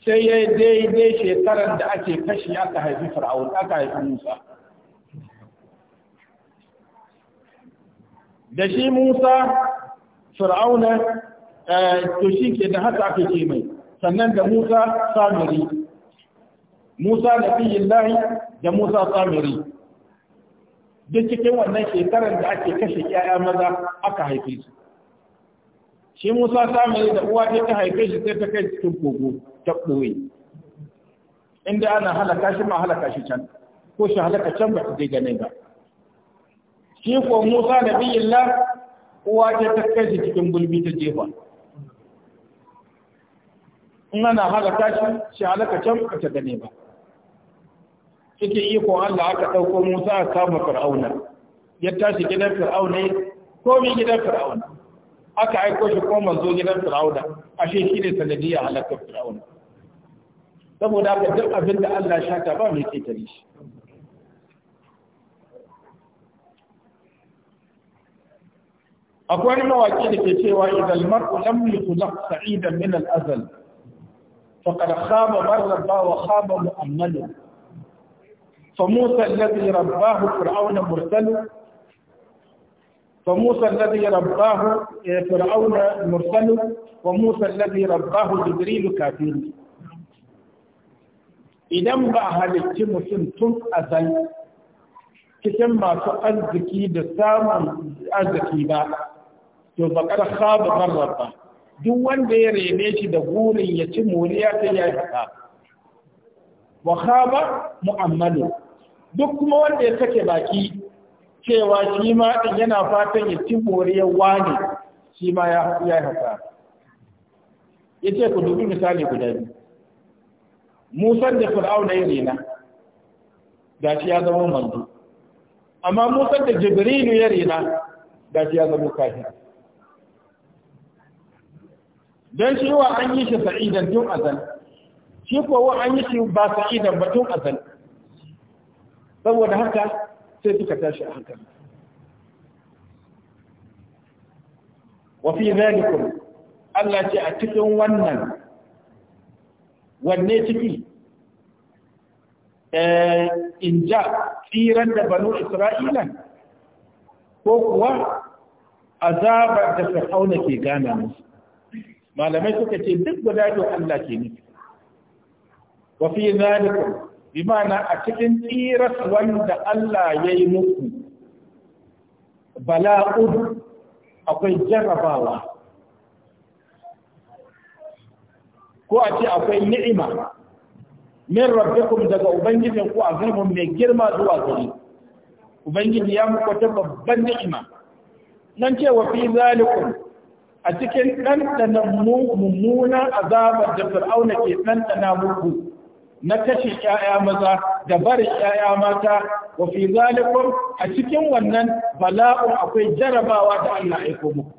sai ya daidai shekarar da ake kashi aka haifi fir'aun aka haifi musa da shi musa fir'auna eh, to shi ke da haka aka ce mai sannan da musa samiri musa da fiyin lahi da musa samiri duk cikin wannan shekarar da ake kashe 'ya'ya maza aka haife su shi musa samiri da uwa ta haife shi sai ta kai cikin kogo ta ɓoye inda ana halaka shi ma halaka shi can ko shi halaka can ba ta zai gane ba shi ko musa da biyillah uwa ce ta kai shi cikin gulbi ta jefa in ana halaka shi shi halaka can ba ta gane ba cikin iko Allah aka ɗauko Musa a samu Fir'auna ya tashi gidan Fir'auna ko mai gidan Fir'auna aka aiko shi ko manzo gidan Fir'auna ashe shi ne sanadiyar halakar Fir'auna saboda ka duk abin da Allah shata ba mai ketare shi akwai mawaki da ke cewa idan mar'u lam yutulaq sa'idan min al-azal faqad khaba marra wa khaba mu'ammalu فموسى الذي رباه فرعون مرسل فموسى الذي رباه فرعون مرسل وموسى الذي رباه جبريل كافر idan ba a halitti mutum tun azal cikin masu arziki da samun arziki ba to ba bakar saba barraba duk wanda ya rene shi da gurin ya ci moriya ta ya haka wa haba mu'ammalu duk kuma wanda ya sake baki cewa shi ma din yana fatan ya ci moriyar wani shi ma ya yi haka ce ku dubi misali guda biyu musar da fir'auna ya rena da shi ya zama manzo amma musar da jibrilu ya rena da shi ya zama kafir dan shi wa an yi shi sa'idan tun azal shi ko wa an yi shi ba sa'idan ba tun azal saboda haka sai suka tashi a hankali wa fi zalikum Allah ce a cikin wannan wanne ciki eh, in ja tsiran da banu isra'ila ko kuwa azabar da fir'auna ke gana musu malamai suka ce duk guda biyu Allah ke nufi wa fi zalika bi ma'ana a cikin tsiras wanda Allah ya yi muku bala'ud akwai jarrabawa ko a ce akwai ni'ima min rabbikum daga ubangijin ku azamun mai girma zuwa gari ubangiji ya muku ta babban ni'ima nan ce wa fi zalikum a cikin ɗanɗanan mummunan azabar da fir'auna ke ɗanɗana muku na kashe 'ya'ya maza da bar 'ya'ya mata wa fi zalikum a cikin wannan bala'un akwai jarabawa da Allah aiko muku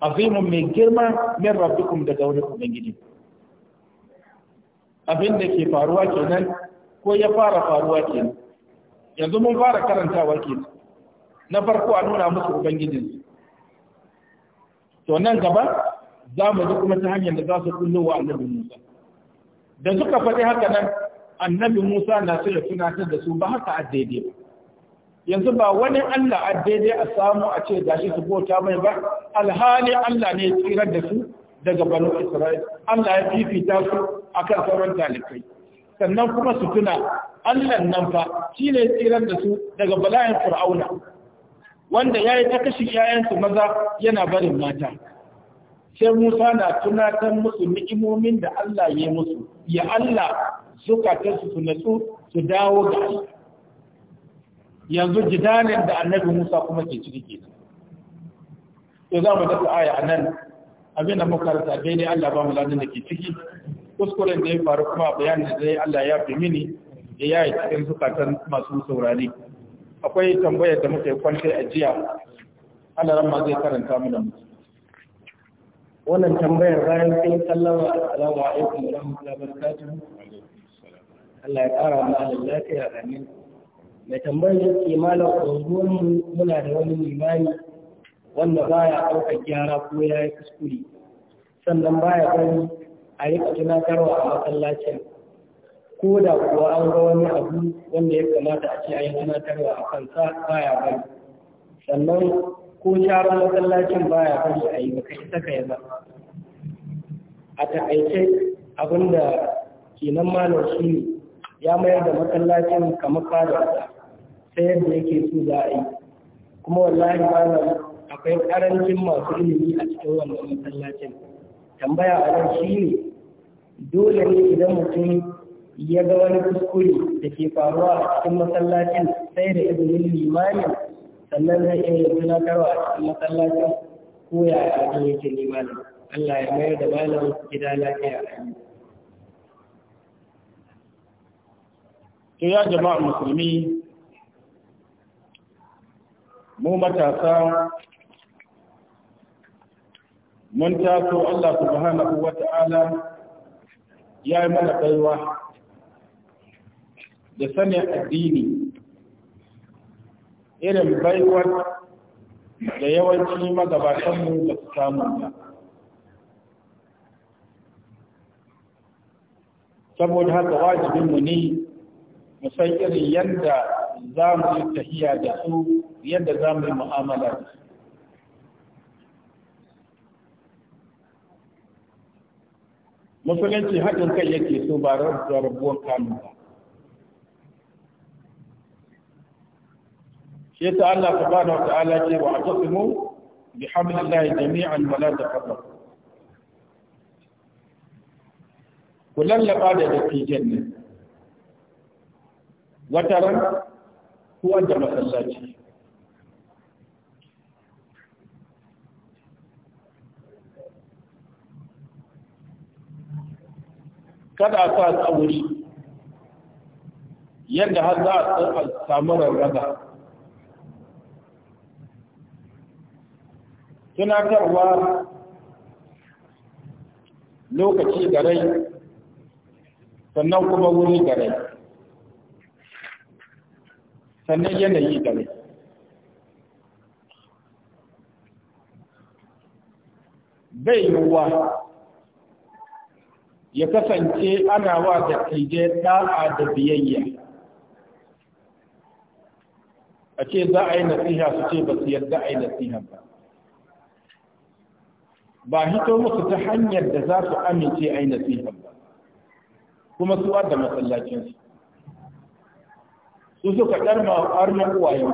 azimun mai girma min rabbikum daga wani ubangiji abin da ke faruwa kenan ko ya fara faruwa kenan yanzu mun fara karantawa kenan na farko a nuna musu ubangijin to nan gaba za mu ji kuma ta hanyar da za su kullo wa annabi Musa da suka faɗi haka nan annabi Musa na so ya tunatar da su ba haka a daidai ba yanzu ba wani Allah a daidai a samu a ce gashi su bota mai ba alhali Allah ne ya tsirar da su daga banu Isra'il Allah ya fifita su akan sauran talibai sannan kuma su tuna Allah nan fa shi ne tsirar da su daga bala'in Fir'auna wanda yayi ta kashi yayansu maza yana barin mata sai Musa na tunatar musu ni'imomin da Allah ya musu ya Allah zukatansu su su dawo ga Allah yanzu jidanin da annabi Musa kuma ke ciki ke to za mu dafa aya anan. nan abin da muka rasa ne Allah ba mu ladin da ke ciki kuskuren da ya faru kuma bayanin da zai Allah ya fi mini da ya yi cikin zukatan masu saurari akwai tambayar da muka yi kwance a jiya Allah ma zai karanta mu da mu wannan tambayar bayan sai sallama assalamu alaikum wa rahmatullahi wa barakatuh Allah ya kara mu lafiya amin mai tambayar ke malam unguwarmu muna da wani limani wanda ba ya auka gyara ko ya yi kuskure sannan baya bari a yi karwa a masallacin ko da kuwa an ga wani abu wanda ya kamata a ce a yi tunatarwa a kansa baya bari sannan ko sharar masallacin baya bari a yi baka isa ka a taƙaice abinda kenan malam shi ya mayar da masallacin kamar fadarsa ta yadda yake so za a yi kuma wallahi malam akwai karancin masu ilimi a cikin wannan masallacin tambaya a nan shi ne dole ne idan mutum ya ga wani kuskure da ke faruwa a cikin masallacin sai da izinin limamin sannan zai iya tunatarwa a cikin masallacin ko ya yake limamin Allah ya mayar da malam gida lafiya a yi to ya jama'a musulmi mu matasa mun taso Allah subhanahu wa ta'ala ya yi mana baiwa da sanin addini irin baiwar da yawanci magabatanmu da su samu ba saboda haka wajibinmu ne mu san irin yadda za mu yi tahiya da su yadda za mu yi mu'amala da su musulunci haɗin kai yake so ba da rabuwar kanu ba shi yasa Allah subhanahu wa ta'ala ce wa atasimu bi hamdillahi jami'an wala tafarraqu ku lallaba da dattijan ne wata ran kuwa da masallaci kada a sa tsawo yadda har za a samu rarraba tunatarwa lokaci da sannan kuma wuri da rai sannan yanayi da ne bai yiwuwa ya kasance ana wa da kaije ɗa'a da biyayya a ce za a yi nasiha su ce ba su yarda a yi nasiha ba ba hito musu ta hanyar da za su amince a yi nasiha ba kuma su da masallacinsu su suka ɗarma arnan uwayen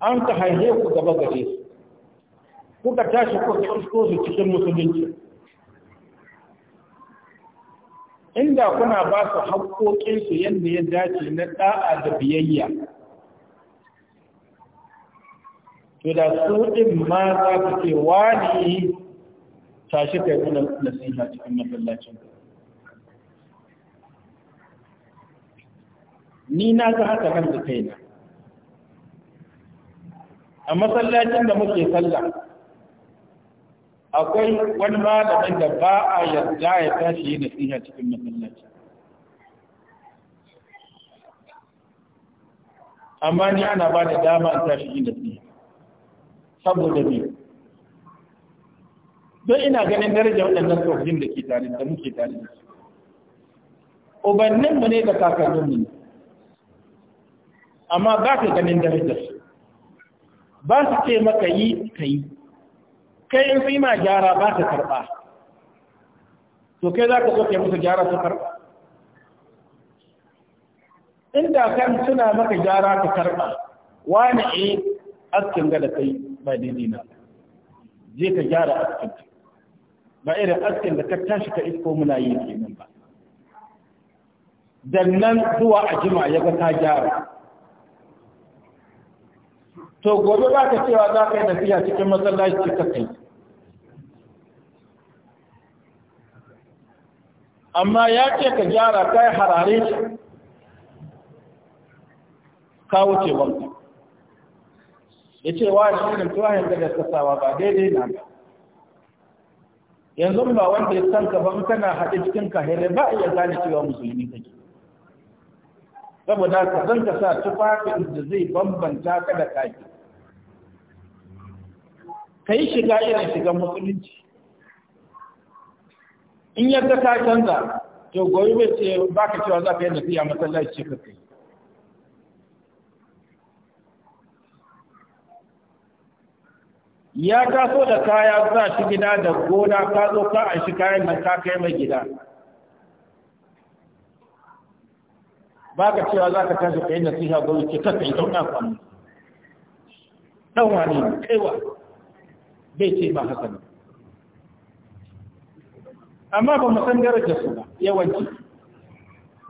an ka haihe ku gaba gare su kuka tashi kuka isko su cikin musulunci inda kuna ba su haƙoƙinsu yadda ya dace na ɗa'a da biyayya to da su ɗin ma za su ce wani tashi kai kuna nasiha cikin masallacin ni na ga haka nan da kaina a masallacin da muke sallah akwai wani malamin da ba a yarda ya tashi yi nasiha cikin masallaci amma ni ana ba da dama a tashi yi nasiha saboda ne don ina ganin daraja waɗannan tsohon da ke tare da muke tare da su mu ne da kakanninmu ne amma ba ka ganin darajar su ba su ce maka yi ka yi kai in fi ma gyara ba ka karɓa to kai za ka zo kai musu gyara su karɓa inda kan suna maka gyara ka karɓa wani e eh, askin ga da kai ba daidai na je ka gyara askin ba irin askin da ka tashi ka isko muna yi kenan ba dannan zuwa a jima ya ga ta gyara to gobe za ka cewa za ka yi nasiha cikin masallaci ka kai amma ya ce ka gyara ka yi harare ka wuce wanka ya ce wa ne irin tuwahin da kasawa ba daidai na ba yanzu ba wanda ya san ka ban kana haɗe cikin kahere ba iya gane cewa musulmi kake saboda ka zan sa tufafin da zai bambanta ka da kaki ka yi shiga irin shiga musulunci in yadda ka canza to goyi bai ce ba ka cewa za ka yi nafiya masallaci ce ka kai ya taso da kaya za shi gida da gona ka zo ka a shi kayan nan ka kai mai gida ba ka cewa za ka tashi kayan nasiha gwamnati ce ka kai don kwanu ɗan wani kaiwa bai ce ba haka ne amma ba mu san darajar su ba yawanci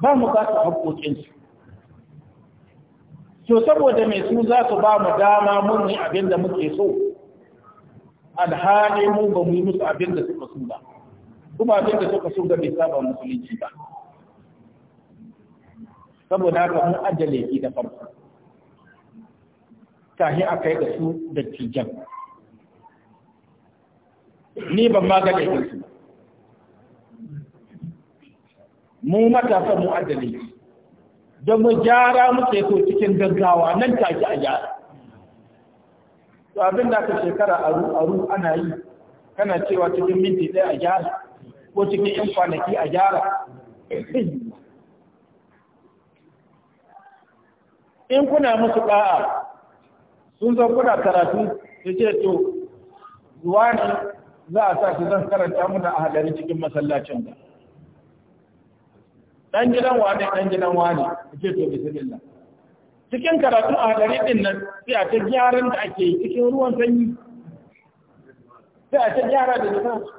ba mu ba su haƙoƙinsu to saboda mai su za su ba mu dama mun yi abin da muke so alhali mu ba mu yi musu abin da suka so ba kuma abin da suka so ga bai saba musulunci ba saboda haka mun ajale ki da farko kahi a kai da su da tijan ni ban ma ga ba mu matasa mu adali don mu gyara muke ko cikin gaggawa nan take a gyara to abin da aka shekara aru aru ana yi kana cewa cikin minti ɗaya a gyara ko cikin yan kwanaki a gyara in kuna musu ɗa'a sun zo kuna karatu da ce to zuwa ne za a sa shi zan karanta muna a hadari cikin masallacin ba. dan gidan wani dan gidan wani ce to bismillah cikin karatu a hadari din nan sai a ta gyaran da ake yi cikin ruwan sanyi sai a ta gyara da jama'a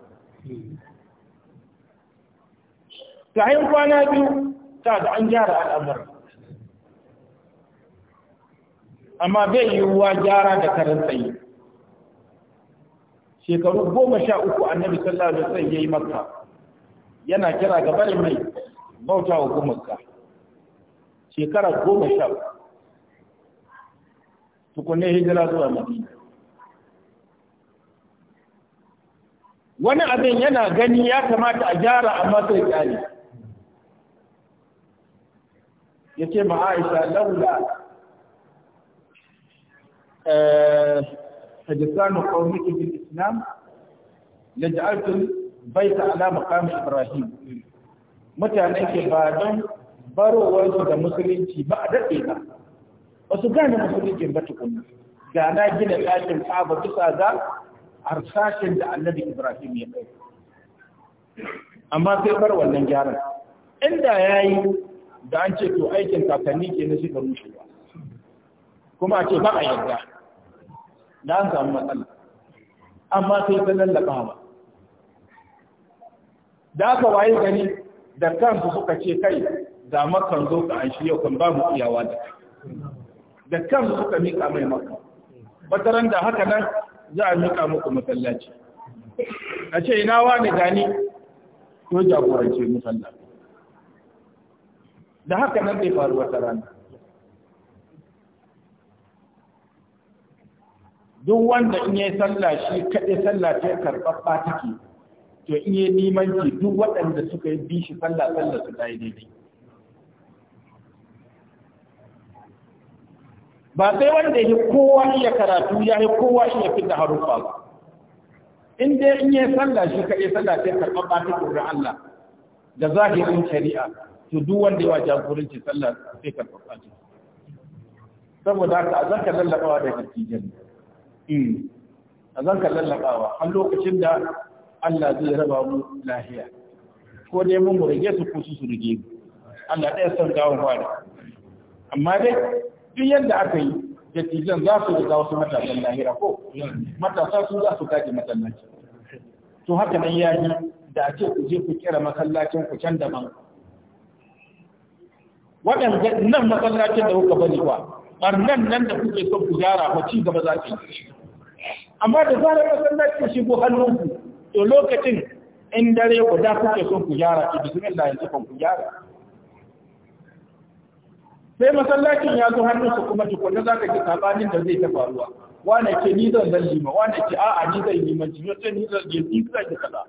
sahin kwana biyu ta da an gyara al'amur amma bai yiwuwa gyara da karin tsaye shekaru goma sha uku annabi sallallahu alaihi wasallam yayi makka yana kira ga barin mai bauta wa ka shekara goma sha uku tukunne hijira zuwa madina wani abin yana gani ya kamata a gyara amma sai kyale ya ce ma aisha laula eh, hajjisanu kawai bil na'am laj'altul baita ala maqam ibrahim mutane ke ba don barowar da musulunci ba a dade ba wasu gane musulunci ba tukunna da na gina ɗakin Ka'aba bisa ga harsashin da Annabi Ibrahim ya kai amma sai bar wannan gyaran inda yayi da an ce to aikin kakanni ke na shiga rushewa kuma a ce ba a yarda da an samu matsala amma sai ta lallaba ba da aka waye gani da kansu suka ce kai da makon zo ka an shirya kan ba mu iyawa da kai da kansu suka mika mai maka bataran da haka nan za a mika muku masallaci a ce ina wani gani ko jagorance musalla da haka nan zai faru wata rana duk wanda in yayi sallah shi kaɗai sallah ta karɓaɓɓa take to in yayi ki duk waɗanda suka yi bi shi sallah sallah su ta yi daidai ba sai wanda ya kowa iya karatu ya yi kowa iya fita haruffa ba in dai in yayi sallah shi kaɗai sallah ta karɓaɓɓa take wurin Allah da zahirin shari'a to duk wanda ya yawa jagoranci sallah sai karɓaɓɓa take saboda haka a zaka lallabawa da kake janna Eh, a zan ka lallabawa har lokacin da Allah zai raba mu lahiya ko dai mun mu su ko su su mu Allah ɗaya son gawon wani amma dai duk yadda aka yi dattijan za su riga wasu matasan lahira ko matasa su za su kaji masallaci to haka nan ya yi da a ce ku je ku kira masallacin ku can da man waɗanda nan masallacin da kuka bari wa ɓarnan nan da kuke son ku gyara ba ci gaba za ku yi amma da zarar masallaci ya shigo hannunku to lokacin in dare ku da kuke son ku gyara to bismillah yanzu kan ku gyara sai masallacin ya zo hannunsa kuma tukunna za ka ki sabanin da zai ta faruwa wane ke ni zan zan lima wane ke a'a ni zan lima ci yace ni zan je ni zan ji kaza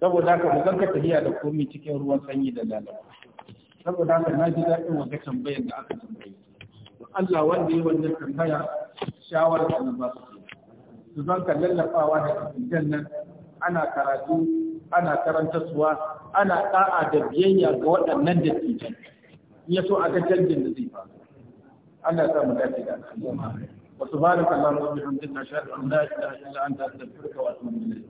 saboda ka mu zanka tafiya da komai cikin ruwan sanyi da lalata saboda ka na ji daɗin wanda tambayar da aka tambaye Allah wanda ya wannan tambaya shawarar da ba su su zan ka lallafawa da kafin nan ana karatu ana karantarsuwa ana ɗa'a da biyayya ga waɗannan da ke ya so a ga canjin da zai faru Allah ya sa mu dace da al'umma wa subhanaka allahumma wa bihamdika ashhadu an la ilaha illa anta astaghfiruka wa atubu ilayk